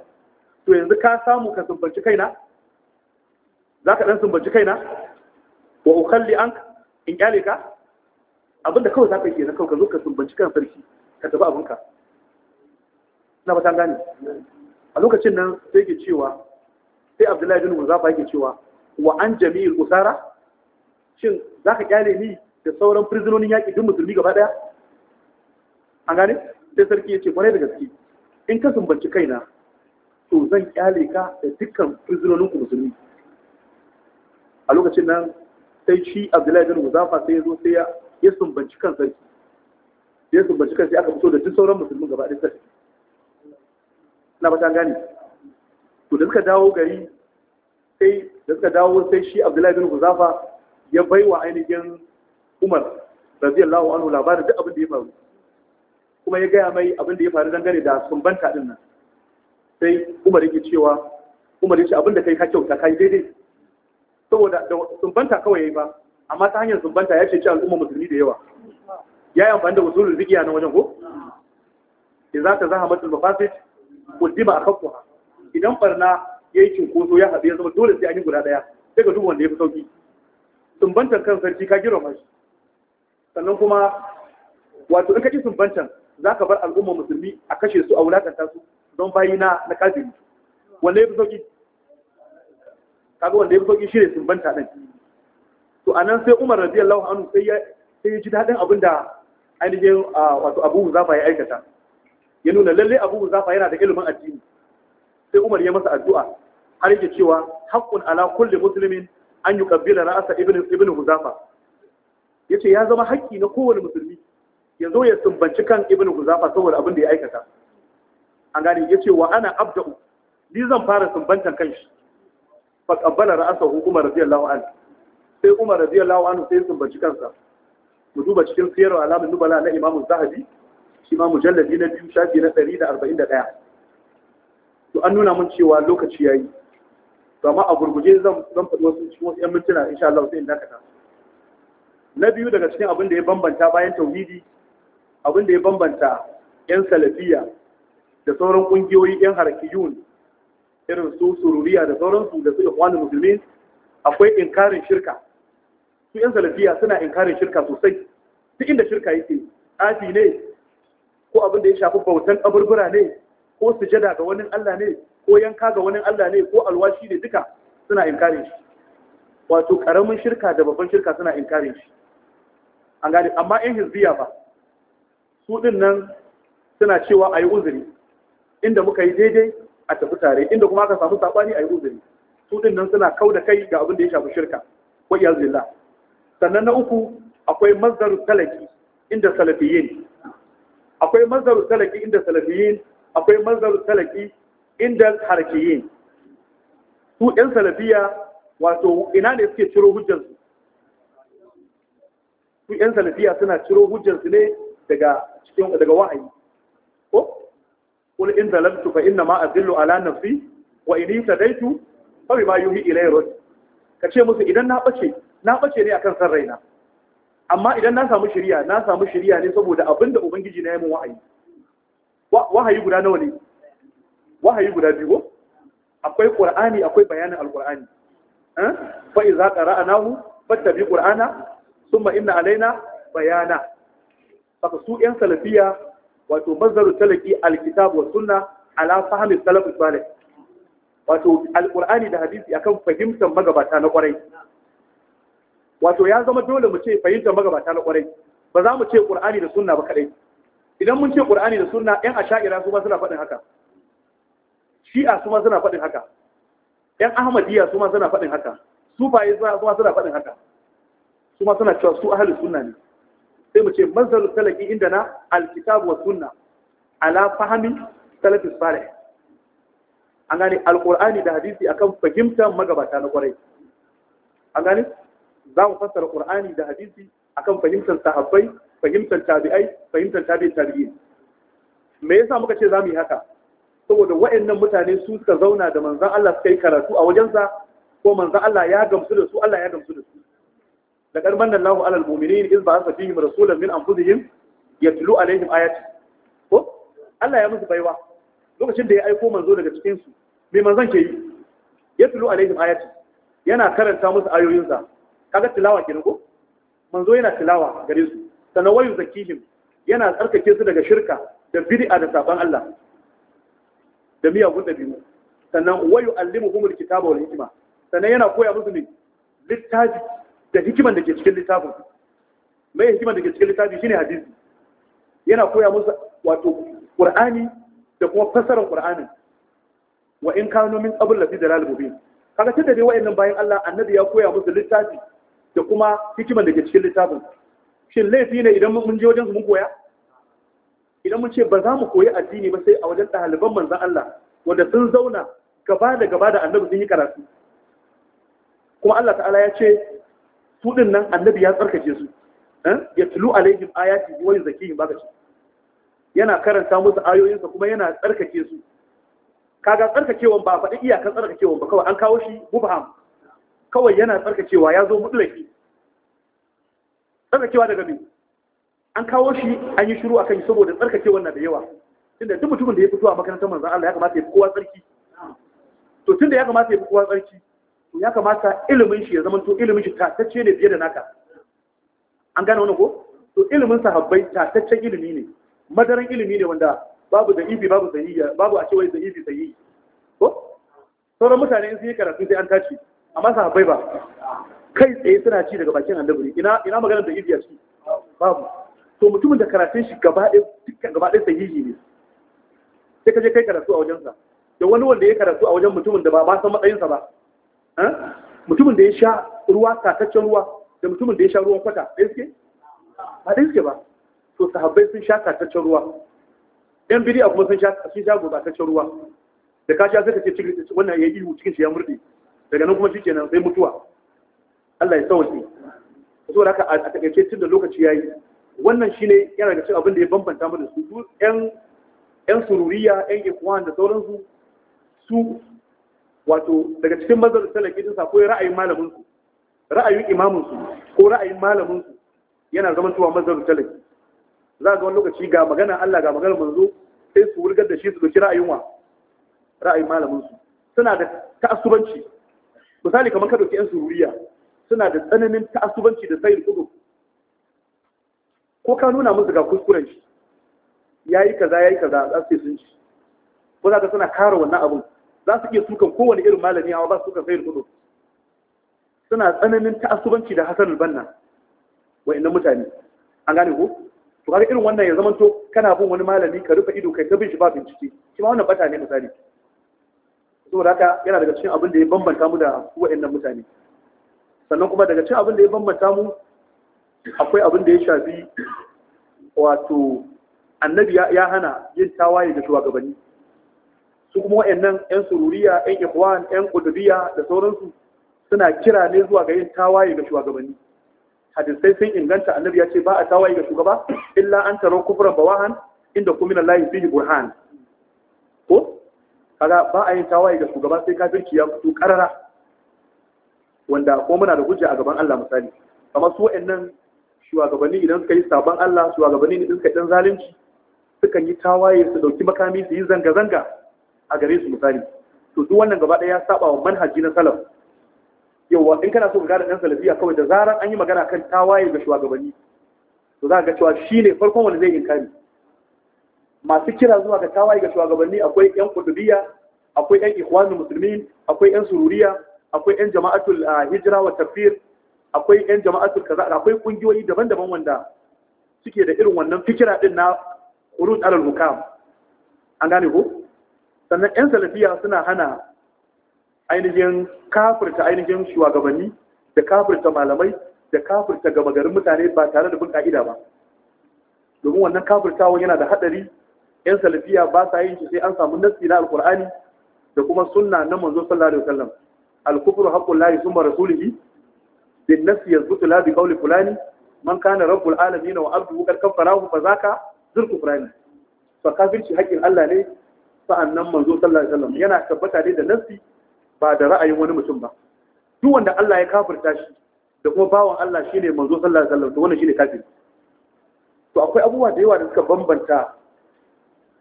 to yanzu ka samu ka sumbanci kaina zaka dan sumbanci kaina wa ukhalli an in kyale ka abinda kawai zaka yi na kawai ka zo ka sumbanci kan sarki ka tafi abinka na ba ta gane a lokacin nan sai ke cewa sai Abdullahi bin Muzafa yake cewa wa an jami'il usara shin za ka kyale ni da sauran prisonin yaƙi duk musulmi gaba ɗaya an gane sai sarki ya ce kwarai da gaske in ka sumbanci kaina to zan kyale ka da dukkan prisonin ku musulmi a lokacin nan sai shi abdullahi bin huzafa sai ya zo sai ya sumbanci kan sarki ya sumbanci kan sai aka fito da duk sauran musulmin gaba ɗaya sarki na ba ta gane to da suka dawo gari sai da suka dawo sai shi abdullahi bin huzafa ya baiwa ainihin umar radiyallahu anhu labarin duk abin da ya faru kuma ya gaya mai abin da ya faru dangane da sumbanta din nan sai umar yake cewa umar yake abin da kai ka kyauta kai daidai saboda sumbanta kawai yayi ba amma ta hanyar sumbanta ya ce ci al'umma musulmi da yawa ya yi amfani da usulul zikiya na wajen ko idza tazahamatul mafasid quddima akhafuha idan barna ya yi cinkoso ya haɗu ya zama dole sai an yi guda ɗaya sai ka duk wanda ya fi sauƙi. sumbantar kan sarki ka girma shi sannan kuma wato in ka ci sumbantar za ka bar al'ummar musulmi a kashe su a wulakanta su don bayi na na kafiri wanda ya fi sauƙi kaga wanda ya fi sauƙi shine sumbanta din to anan sai Umar radiyallahu anhu sai ya sai ya ji daɗin abin da ainihin wato Abu Zafa ya aikata ya nuna lalle Abu Zafa yana da ilimin addini sai Umar ya masa addu'a har yake cewa haƙƙun ala kulli muslimin an yuqabbila na asa ibn huzafa ce ya zama haƙƙi na kowane musulmi ya zo ya sumbanci kan ibn huzafa saboda abin da ya aikata an gane ce wa ana abda'u ni zan fara sumbantan kanshi fa na asa umar radiyallahu anhu sai umar radiyallahu anhu sai ya sumbanci kansa mu duba cikin siyar alamun nubala na imamu zahabi shi ma mujallabi na biyu shafi na da da arba'in ɗaya. to an nuna mun cewa lokaci ya yi. to amma a gurguje zan zan faɗi wasu cikin wasu ƴan mintuna insha Allah sai in dakata na biyu daga cikin abin da ya bambanta bayan tauhidi abin da ya bambanta ƴan salafiya da sauran ƙungiyoyi ƴan harakiyun irin su sururiya da sauransu da su ikhwanul muslimin akwai inkarin shirka su ƴan salafiya suna inkarin shirka sosai duk inda shirka yake tsafi ne ko abin da ya shafi bautan kaburbura ne ko sujada ga wani Allah ne ko yanka ga wani Allah ne ko alwashi ne duka suna inkari shi wato karamin shirka da babban shirka suna inkari shi an gane amma in hizbiya ba su din nan suna cewa ayi uzuri inda muka yi daidai a tafi tare inda kuma aka samu sabani ayi uzuri su din nan suna da kai ga abin da ya shafi shirka wa iyaz sannan na uku akwai mazdaru talaki inda salafiyin akwai mazdaru talaki inda salafiyin akwai mazdaru talaki inda harakiyin su ɗan salafiya wato ina ne suke ciro hujjarsu su ɗan salafiya suna ciro hujjarsu ne daga cikin daga wa'ayi ko qul in zalamtu fa inna ma azillu ala nafsi wa in tadaitu fa bima yuhi ilayya ka ce musu idan na bace na bace ne a kan san raina amma idan na samu shiriya na samu shiriya ne saboda abinda ubangiji na yi min wa'ayi. wahayi guda nawa ne wahayi guda biyu akwai qur'ani akwai bayanin alqur'ani eh fa idza qara'nahu fattabi qur'ana thumma inna alaina bayana saka su yan salafiya wato mazharu talaki alkitab wa sunna ala fahmi salaf salih wato alqur'ani da hadisi akan fahimtar magabata na kwarai wato ya zama dole mu ce fahimtar magabata na kwarai ba za mu ce qur'ani da sunna ba kadai idan mun ce qur'ani da sunna yan asha'ira su ba suna faɗin haka shi'a su ma suna faɗin haka yan ahmadiyya su ma suna faɗin haka su faye su ma suna faɗin haka su ma suna cewa su ahalin suna ne sai mu ce mazal talaki inda na alkitabu wa suna ala fahmi salafis salih an gani alkur'ani da hadisi akan fahimtar magabata na kwarai an gani za mu fassara qur'ani da hadisi akan fahimtar sahabbai fahimtar tabi'ai fahimtar tabi'in tabi'in me yasa muka ce za mu yi haka saboda wa'annan mutane su suka zauna da manzan Allah suka yi karatu a wajensa ko manzan Allah ya gamsu da su Allah ya gamsu da su laqad manna Allahu 'alal mu'minina idh ba'atha fihim rasulan min anfusihim yatlu 'alayhim ayati ko Allah ya musu baiwa lokacin da ya aiko manzo daga cikin su me manzan ke yi yatlu 'alayhim ayati yana karanta musu ayoyinsa kaga tilawa kenan ko manzo yana tilawa gare su sanawayu zakihim yana tsarkake su daga shirka da bid'a da saban Allah da miyagun biyu. sannan wayu allimuhumul kitaba wal hikima sannan yana koya musu ne littafi da hikiman da ke cikin littafin mai hikiman da ke cikin littafi shine hadisi yana koya musu wato qur'ani da kuma fasarar qur'anin wa in kanu min qabl la fi dalal mubin kaga tunda dai wayannan bayan Allah annabi ya koya musu littafi da kuma hikiman da ke cikin littafin shin laifi ne idan mun je wajen su mun koya idan mun ce ba za mu koyi addini ba sai a wajen ɗaliban manzan Allah wanda sun zauna gaba da gaba da annabi sun yi karatu kuma Allah ta'ala ya ce su ɗin nan annabi ya tsarkake su eh? ya tulu alaihim ayati wa yuzakihim baka ce yana karanta musu ayoyinsa kuma yana tsarkake su kaga tsarkakewan ba faɗi iyakan tsarkakewan ba kawai an kawo shi mubham kawai yana tsarkakewa ya zo mutlaki tsarkakewa daga me an kawo shi an yi shiru akan saboda tsarkake wannan da yawa tunda duk mutumin da ya fito a makarantar manzon Allah ya kamata ya fi kowa tsarki to tunda ya kamata ya fi kowa tsarki to ya kamata ilimin shi ya zama to ilimin shi tatacce ne fiye da naka an gane wani ko to ilimin sahabbai tatacce ilimi ne madaran ilimi ne wanda babu da ibi babu sahiya babu a cewa da ibi sahihi ko sauran mutane in sun yi karatu sai an tashi amma sahabbai ba kai tsaye suna ci daga bakin annabi ina ina maganar da ibi a ci babu to mutumin da karatun shi gaba ɗaya sahihi ne sai kaje kai karatu a wajensa da wani wanda ya karatu a wajen mutumin da ba ba san matsayinsa ba eh? mutumin da ya sha ruwa kataccen ruwa da mutumin da ya sha ruwan kwata ɗaya suke ba ɗaya suke ba to sahabbai sun sha kataccen ruwa yan biri kuma sun sha sun sha gurbataccen ruwa da ka sha sai ka ce wannan ya yi ihu cikin shi ya murde daga nan kuma shi kenan sai mutuwa Allah ya sauke saboda haka a takaice tun da lokaci ya yi wannan shi ne yana da cin abin da ya bambanta mana su su yan sururiya yan ikwan da sauransu su wato daga cikin mazal talaki sa ko ra'ayin malaminsu, ra'ayin imaminsu, ko ra'ayin malaminsu yana zaman tuwa mazal talaki za a ga wani lokaci ga magana Allah ga magana manzo sai su wurgar da shi su dauki ra'ayin wa ra'ayin malaminsu suna da ta'assubanci misali kamar ka ɗauki yan sururiya suna da tsananin ta'assubanci da sayyid kutub ko ka nuna musu ga kuskuren shi ya yi kaza ya yi kaza za su sun ci ko za ka suna kare wannan abin za su iya sukan kowane irin malami amma ba su sukan sayar kudu suna tsananin ta'asubanci da hasan albanna inda mutane an gane ko to kaga irin wannan ya zamanto kana bin wani malami ka rufe ido kai ta bin shi ba bincike shi ma wannan bata ne misali saboda haka yana daga cikin abin da ya bambanta mu da wa'annan mutane sannan kuma daga cikin abin da ya bambanta mu akwai abin da ya shafi wato annabi ya hana yin tawaye da shugabanni su kuma nan, yan sururiya yan ikhwan yan kudubiya da sauransu suna kira ne zuwa ga yin tawaye ga shugabanni hadisai sun inganta annabi ya ce ba a tawaye ga shugaba illa an taro kufran bawahan inda kuma na layi fiye burhan ko kaga ba a yin tawaye ga shugaba sai kafirci ya fito karara wanda ko muna da hujja a gaban Allah misali kamar su nan. shugabanni idan suka yi sabon Allah shugabanni ne suka dan zalunci Suka yi tawaye su dauki makami su yi zanga-zanga a gare su misali to duk wannan gaba ɗaya ya saba wa manhaji na salaf yawa in kana so ka gane dan salafiya kawai da zarar an yi magana kan tawaye ga shugabanni to za ka ga cewa shi farkon wanda zai inkari masu kira zuwa ga tawaye ga shugabanni akwai yan kudubiya akwai yan ikhwanul muslimin akwai yan sururiya akwai yan jama'atul ah, hijra wa tafsir akwai yan jama'atul kaza akwai kungiyoyi daban-daban wanda suke da irin wannan fikira ɗin na qurud alal hukam an gane ko sannan yan salafiya suna hana ainihin kafirta ainihin shugabanni da kafirta malamai da kafirta gama garin mutane ba tare da bin ka'ida ba domin wannan kafirtawa yana da hadari yan salafiya ba sa yin shi sai an samu nassi na alqur'ani da kuma sunna na manzo sallallahu alaihi wasallam al-kufru haqqul lahi summa rasulihi bin nafsi yazbutu بقول فلاني من fulani رب العالمين rabbul alamin wa abduhu kad kafarahu fa zaka zurku fulani to kafirci haƙin Allah ne عليه وسلم ينا alaihi wasallam yana نفسي بعد رأي nafsi ba da ra'ayin wani mutum ba duk wanda Allah ya da kuma bawan Allah shine manzo sallallahu alaihi wasallam to wannan shine kafiri to akwai abubuwa da yawa da suka bambanta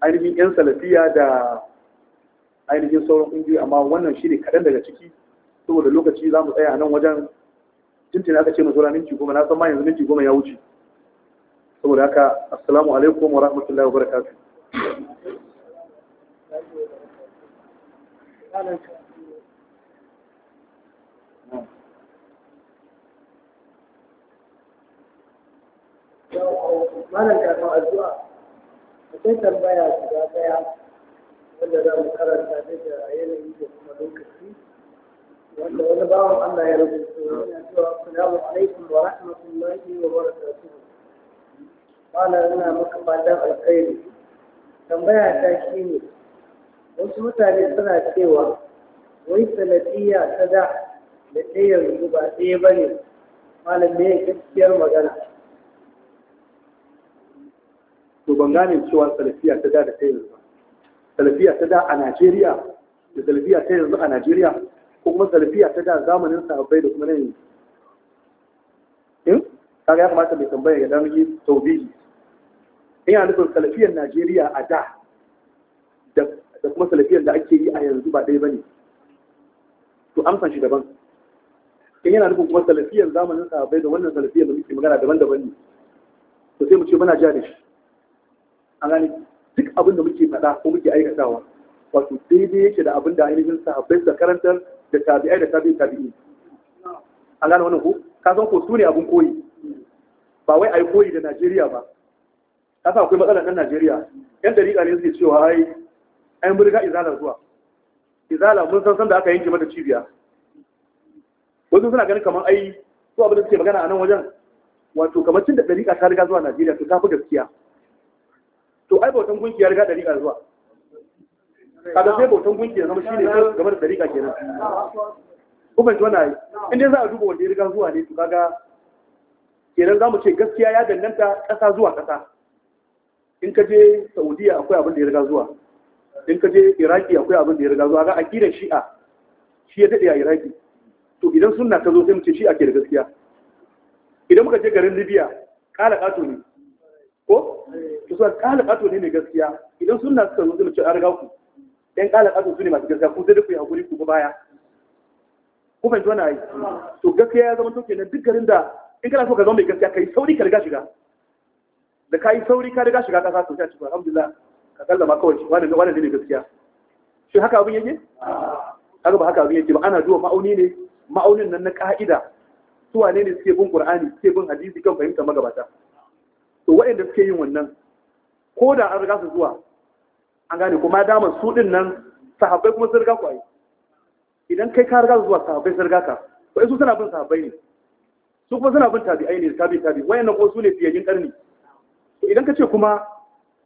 ainihin yan salafiya da ainihin sauran kungiyoyi amma wannan shine kaɗan daga ciki saboda lokaci za mu tsaya a nan wajen tuntun aka ce mazura minti goma na san ma yanzu minti goma ya wuce saboda haka assalamu alaikum wa rahmatullahi wa barakatuh
malam kafin addu'a akwai tambaya guda daya wanda za mu karanta ne da yanayi da kuma lokaci wanda wani bawan Allah ya rubuta yana cewa assalamu alaikum wa rahmatullahi wa barakatuh bala yana maka fatan alkhairi tambaya ta shine wasu mutane suna cewa wai sanadiyya ta da da ta yanzu ba ɗaya ba ne malam ne gaskiyar magana
to ban gane cewa salafiya ta da da ta yanzu ba salafiya ta da a Najeriya da salafiya ta yanzu a Najeriya ko kuma salafiya ta da zamanin sahabbai da kuma na yanzu in hmm? kaga ya kamata mai tambaya ya dan yi taubihi in yana nufin salafiyar Najeriya a da da kuma salafiyar da ake yi a yanzu ba ɗaya bane to amsan shi daban in yana nufin kuma salafiyar zamanin sahabbai da wannan salafiyar da muke magana daban-daban ne to sai mu ce muna ja da shi a gane duk abin da muke faɗa ko muke aikatawa wato daidai yake da abin da ainihin sahabbai da karantar da tabi'ai da tabi'in tabi'i an gane wannan ku ka san ko su ne abun koyi ba wai ai koyi da Najeriya ba ka san akwai matsalar nan Najeriya yan dariƙa ne suke cewa ai ai mun riga izala zuwa izala mun san san da aka yanke mata cibiya wasu suna ganin kamar ai su abin da suke magana a nan wajen wato kamar tun da dariƙa ta riga zuwa Najeriya to ta fi gaskiya to ai bautan gunki ya riga dariƙa zuwa
kada sai bautan
gunki ya zama shine game da dariƙa kenan ko ban tona yi in dai za a duba wanda ya riga zuwa ne to kaga kenan za mu ce gaskiya ya danganta ƙasa zuwa ƙasa in ka je saudiya akwai abin da ya riga zuwa in ka je iraki akwai abin da ya riga zuwa ga akidar shi'a shi ya dade a iraki to idan sunna ta zo sai mu ce shi'a ke da gaskiya idan muka je garin libya kala ƙato ne ko to sai kala ƙato ne mai gaskiya idan sunna suka zo sai mu ce an riga ku yan ƙalar ƙasar su ne masu gaskiya ko sai ku yi haƙuri ku baya ku fahimci na yi. to gaskiya ya zama to kenan duk garin da in kana so ka zama mai gaskiya kai sauri ka riga shiga da ka yi sauri ka riga shiga ƙasa to sai a cikin alhamdulillah ka ma kawai wannan wannan ne gaskiya shi haka abin yake haka ba haka abin yake ba ana zuwa ma'auni ne ma'aunin nan na ka'ida su wane ne suke bin qur'ani suke bin hadisi kan fahimta magabata to waɗanda suke yin wannan ko da an riga su zuwa an gane kuma dama su din nan sahabbai kuma sun riga ku ai idan kai ka riga zuwa sahabbai sun riga ka wai su suna bin sahabbai ne su kuma suna bin tabi'ai ne tabi tabi nan ko su ne fiyayyin karni idan ka ce kuma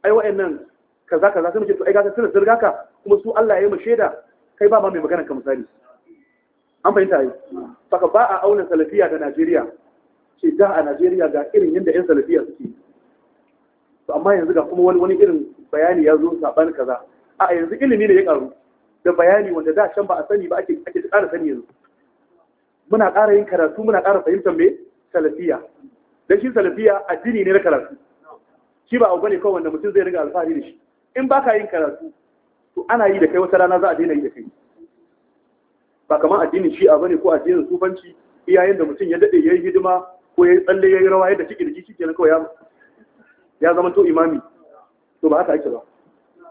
ai nan kaza kaza sai mu ce to ai ga sun riga ka kuma su Allah ya yi mu shaida kai ba ma mai magana ka misali an fahimta yi saka ba a auna salafiya da najeriya ce da a najeriya ga irin yadda 'yan salafiya suke to amma yanzu ga kuma wani irin bayani ya zo saban kaza a yanzu ilimi ne ya karu da bayani wanda da can ba a sani ba ake ƙara sani yanzu muna ƙara yin karatu muna ƙara fahimtar me salafiya dan shi salafiya addini ne na karatu shi ba abu bane kawai wanda mutum zai riga alfahari da shi in baka yin karatu to ana yi da kai wata rana za a daina yi da kai ba kamar addinin a bane ko addinin sufanci iyayen da mutum ya dade yayi hidima ko yayi tsalle yayi rawa yadda kike da kike kenan kawai ya ya zama to imami to ba haka ake ba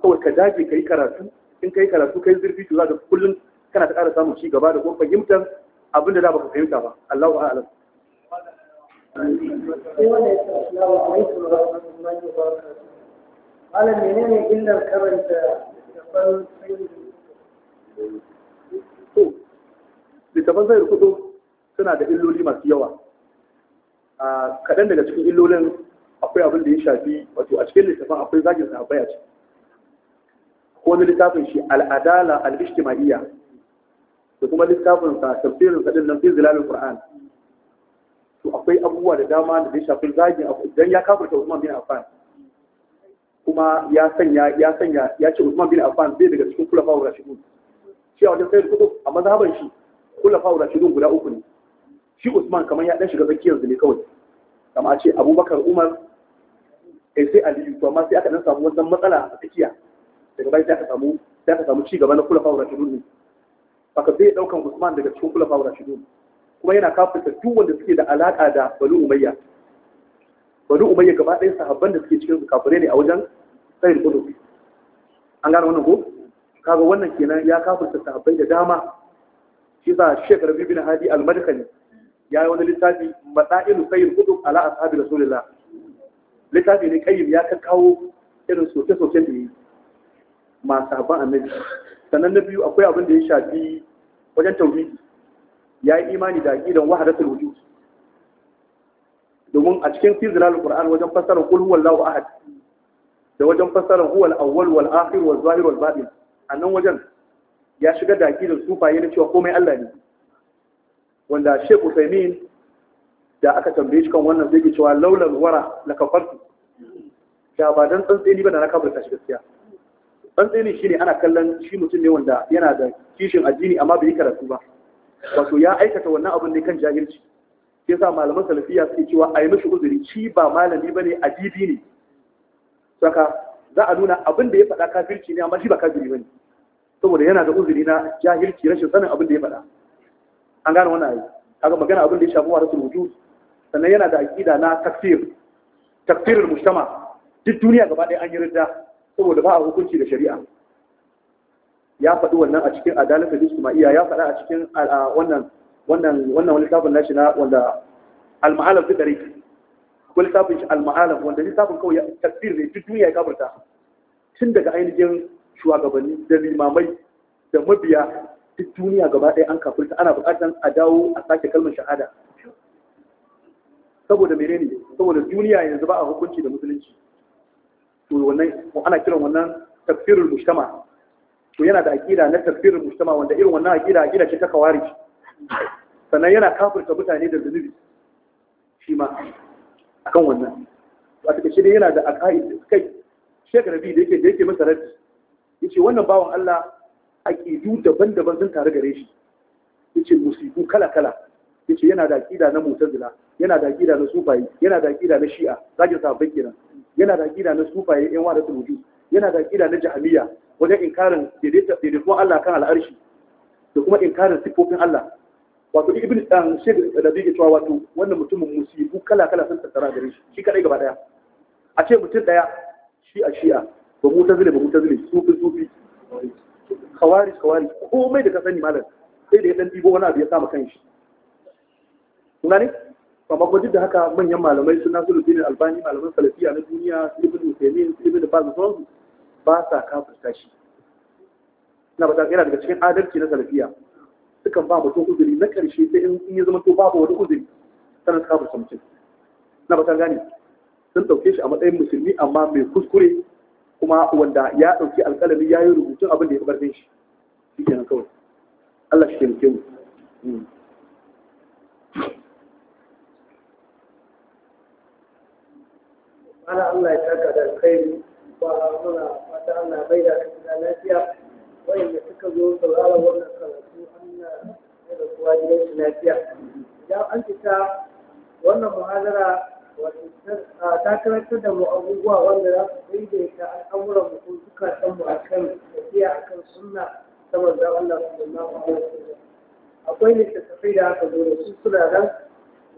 kawai ka dage ka yi karatu in ka yi karatu ka yi zurfi to za ka kullum kana ta ƙara samun ci gaba da kuma fahimtar abin da da baka fahimta ba Allahu a'lam malam menene
illar karanta littafan sayyid
littafan sayyid kudu suna da illoli masu yawa ah, kaɗan daga cikin illolin akwai abin da ya shafi wato a cikin littafin akwai zagin sahabbai a ciki ko wani littafin shi al'adala al'ishtimaiya da kuma littafin sa tafsirin sa din nan fi zilal qur'an to akwai abubuwa da dama da ya shafi zagin abu dan ya kafirta Usman bin Affan kuma ya sanya ya sanya ya ce Usman bin Affan bai daga cikin kulafa'ur rashidun shi a wajen sayyid kutub a mazhaban shi kulafa'ur rashidun guda uku ne shi Usman kamar ya dan shiga tsakiyar zuli kawai kama a ce Abubakar Umar kai eh, sai aliyu to amma sai aka dan samu wannan matsala a tsakiya daga baya sai aka samu sai aka samu ci gaba na kula fa'ura shidun ne baka zai daukan usman daga cikin kula fa'ura shidun kuma yana kafirta duk wanda suke da alaka da bani umayya bani umayya gaba ɗaya sahabban da suke cikin kafirai ne a wajen tsayin kudu an gane wannan ko kaga wannan kenan ya kafirta sahabbai da dama shi sa shekar rabi bin hadi al-madkhali ya yi wani littafi matsa'ilu sayyid kudu ala ashabi rasulillah littafi ne kayyum ya ka kawo irin soke-soke da yi masu haɓar annabi sannan na biyu akwai abin da ya shafi wajen tauhidi ya yi imani da aƙidan wahadatul wujud domin a cikin fizilal Alƙur'an, wajen fassarar qul huwallahu ahad da wajen fassarar huwar awwal wal akhir wal zahir wal batin annan wajen ya shiga da aƙidan sufaye na cewa komai Allah ne wanda Sheikh Uthaymeen da aka tambaye shi kan wannan zai ke cewa laular wara la kafartu da ba dan tsantseni ba da na kafarta shi gaskiya tsantseni shine ana kallon shi mutum ne wanda yana da kishin addini amma bai yi karatu ba wato ya aikata wannan abin ne kan jahilci sai sa malaman salafiya suke cewa a yi mashi uzuri shi ba malami bane adibi ne saka za a nuna abin da ya faɗa kafirci ne amma shi ba kafiri bane saboda yana da uzuri na jahilci rashin sanin abin da ya faɗa an gane wannan ayi kaga magana abin da ya shafi wa rasul wujud sannan yana da aƙida na tafsir tafsirul mujtama duk duniya gaba ɗaya an yi ridda saboda ba a hukunci da shari'a ya faɗi wannan a cikin adalatul ijtima'iyya ya faɗa a cikin wannan wannan wannan wani nashi na wanda al-ma'alam fi dariq kullu tafin shi al-ma'alam wanda shi tafin kawai tafsir ne duk duniya ya kabarta tun daga ainihin shugabanni da limamai da mabiya duk duniya gaba ɗaya an kafirta ana buƙatar a dawo a sake kalmar shahada saboda menene saboda duniya yanzu ba a hukunci da musulunci to wannan ana kiran wannan tafsirul mujtama to yana da aqida na tafsirul mujtama wanda irin wannan aqida aqida ce ta kawarij sannan yana kafirta mutane da zunubi shi ma akan wannan to a take shi yana da aqaid kai shekar Rabi da yake da yake masa rabi yace wannan bawan Allah aqidu daban-daban sun tare gare shi yace musibu kala-kala yace yana da aqida na mu'tazila yana da aqida na sufai yana da aqida na shi'a zagin sahabbai kenan yana da aqida na sufai yan wada wujud yana da aqida na jahiliya wajen inkarin daidaita daidaituwan Allah kan al'arshi da kuma inkarin sifofin Allah wato ibn dan um, shek da zai cewa wato wannan mutumin musibu kala kala sun tattara gare shi shi kadai gaba daya a ce mutum daya shi a shi'a ba mutazile ba mutazile sufi sufi kawari kawari komai da ka sani malam sai da ya dan dibo wani abu ya sa kan shi kun gane amma kuma duk da haka manyan malamai su nasu rubin albani malaman salafiya na duniya ibn usaimin ibn baz sun ba sa kafirta shi na ba yana daga cikin adalci na salafiya sukan ba mutum uzuri na karshe sai in ya zama to babu wani uzuri sanar su kafirta mutum na ba gani sun ɗauke shi a matsayin musulmi amma mai kuskure kuma wanda ya ɗauki alkalami ya yi rubutun abin da ya fi ƙarfin shi shi kenan kawai Allah shi ke mu hmm.
ana Allah ya taka da kai ba muna fata Allah bai da kai lafiya da suka zo sauraron wannan karatu Allah ya da kowa gidan su lafiya Ya an fita wannan muhadara ta karantar da mu abubuwa wanda za su daidaita al'amuran mu ko san mu akan tafiya akan sunna ta manzon Allah sallallahu alaihi wasallam akwai ne da aka zo da su suna nan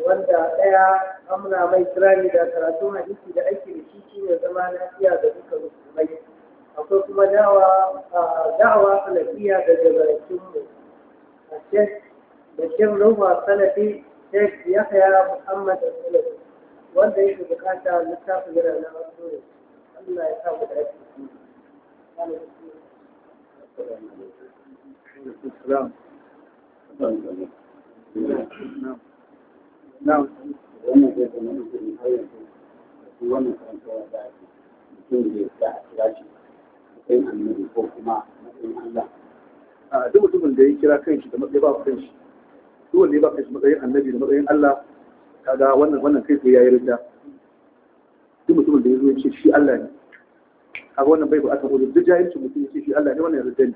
wanda ɗaya amna mai kirani da karatun hadisi da ake da shi shine zama lafiya da duka musulmai akwai kuma dawa da'awa salafiya da jabarakin mu a shek bashir ruwa salafi shek yahya muhammad salafi wanda yake bukata littafin yana na wasu ne allah ya sa mu da ake Thank you. wannan zai zama
wannan mutum ko kuma matsayin Allah. duk mutumin da ya kira kanshi da matsayi ba kanshi, duk wanda ya ba kanshi matsayin annabi da matsayin Allah kaga wannan wannan kai sai yi rinda. Duk mutumin da ya zo ya ce shi Allah ne. Kaga wannan bai buƙatar wani duk jahilcin mutum ya ce shi Allah ne wannan ya rinda ne.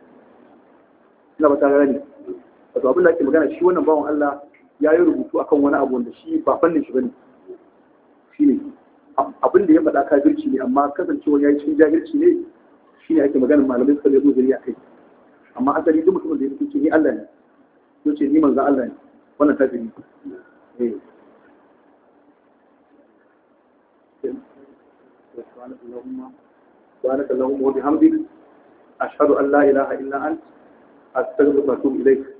Ina ba ta gane. Wato abin da ake magana shi wannan bawan Allah ya yi rubutu akan wani abu wanda shi ba fannin shi bane shi ne abin da ya faɗa kafirci ne amma kasancewa ya yi cikin jahilci ne shi ne ake maganin malamai suka zai uzuri a kai amma asali duk mutumin da ya fito ni Allah ne ko ce ni manzan Allah ne wannan kafiri eh سبحانك اللهم وبحمدك أشهد أن لا إله إلا أنت أستغفرك وأتوب إليك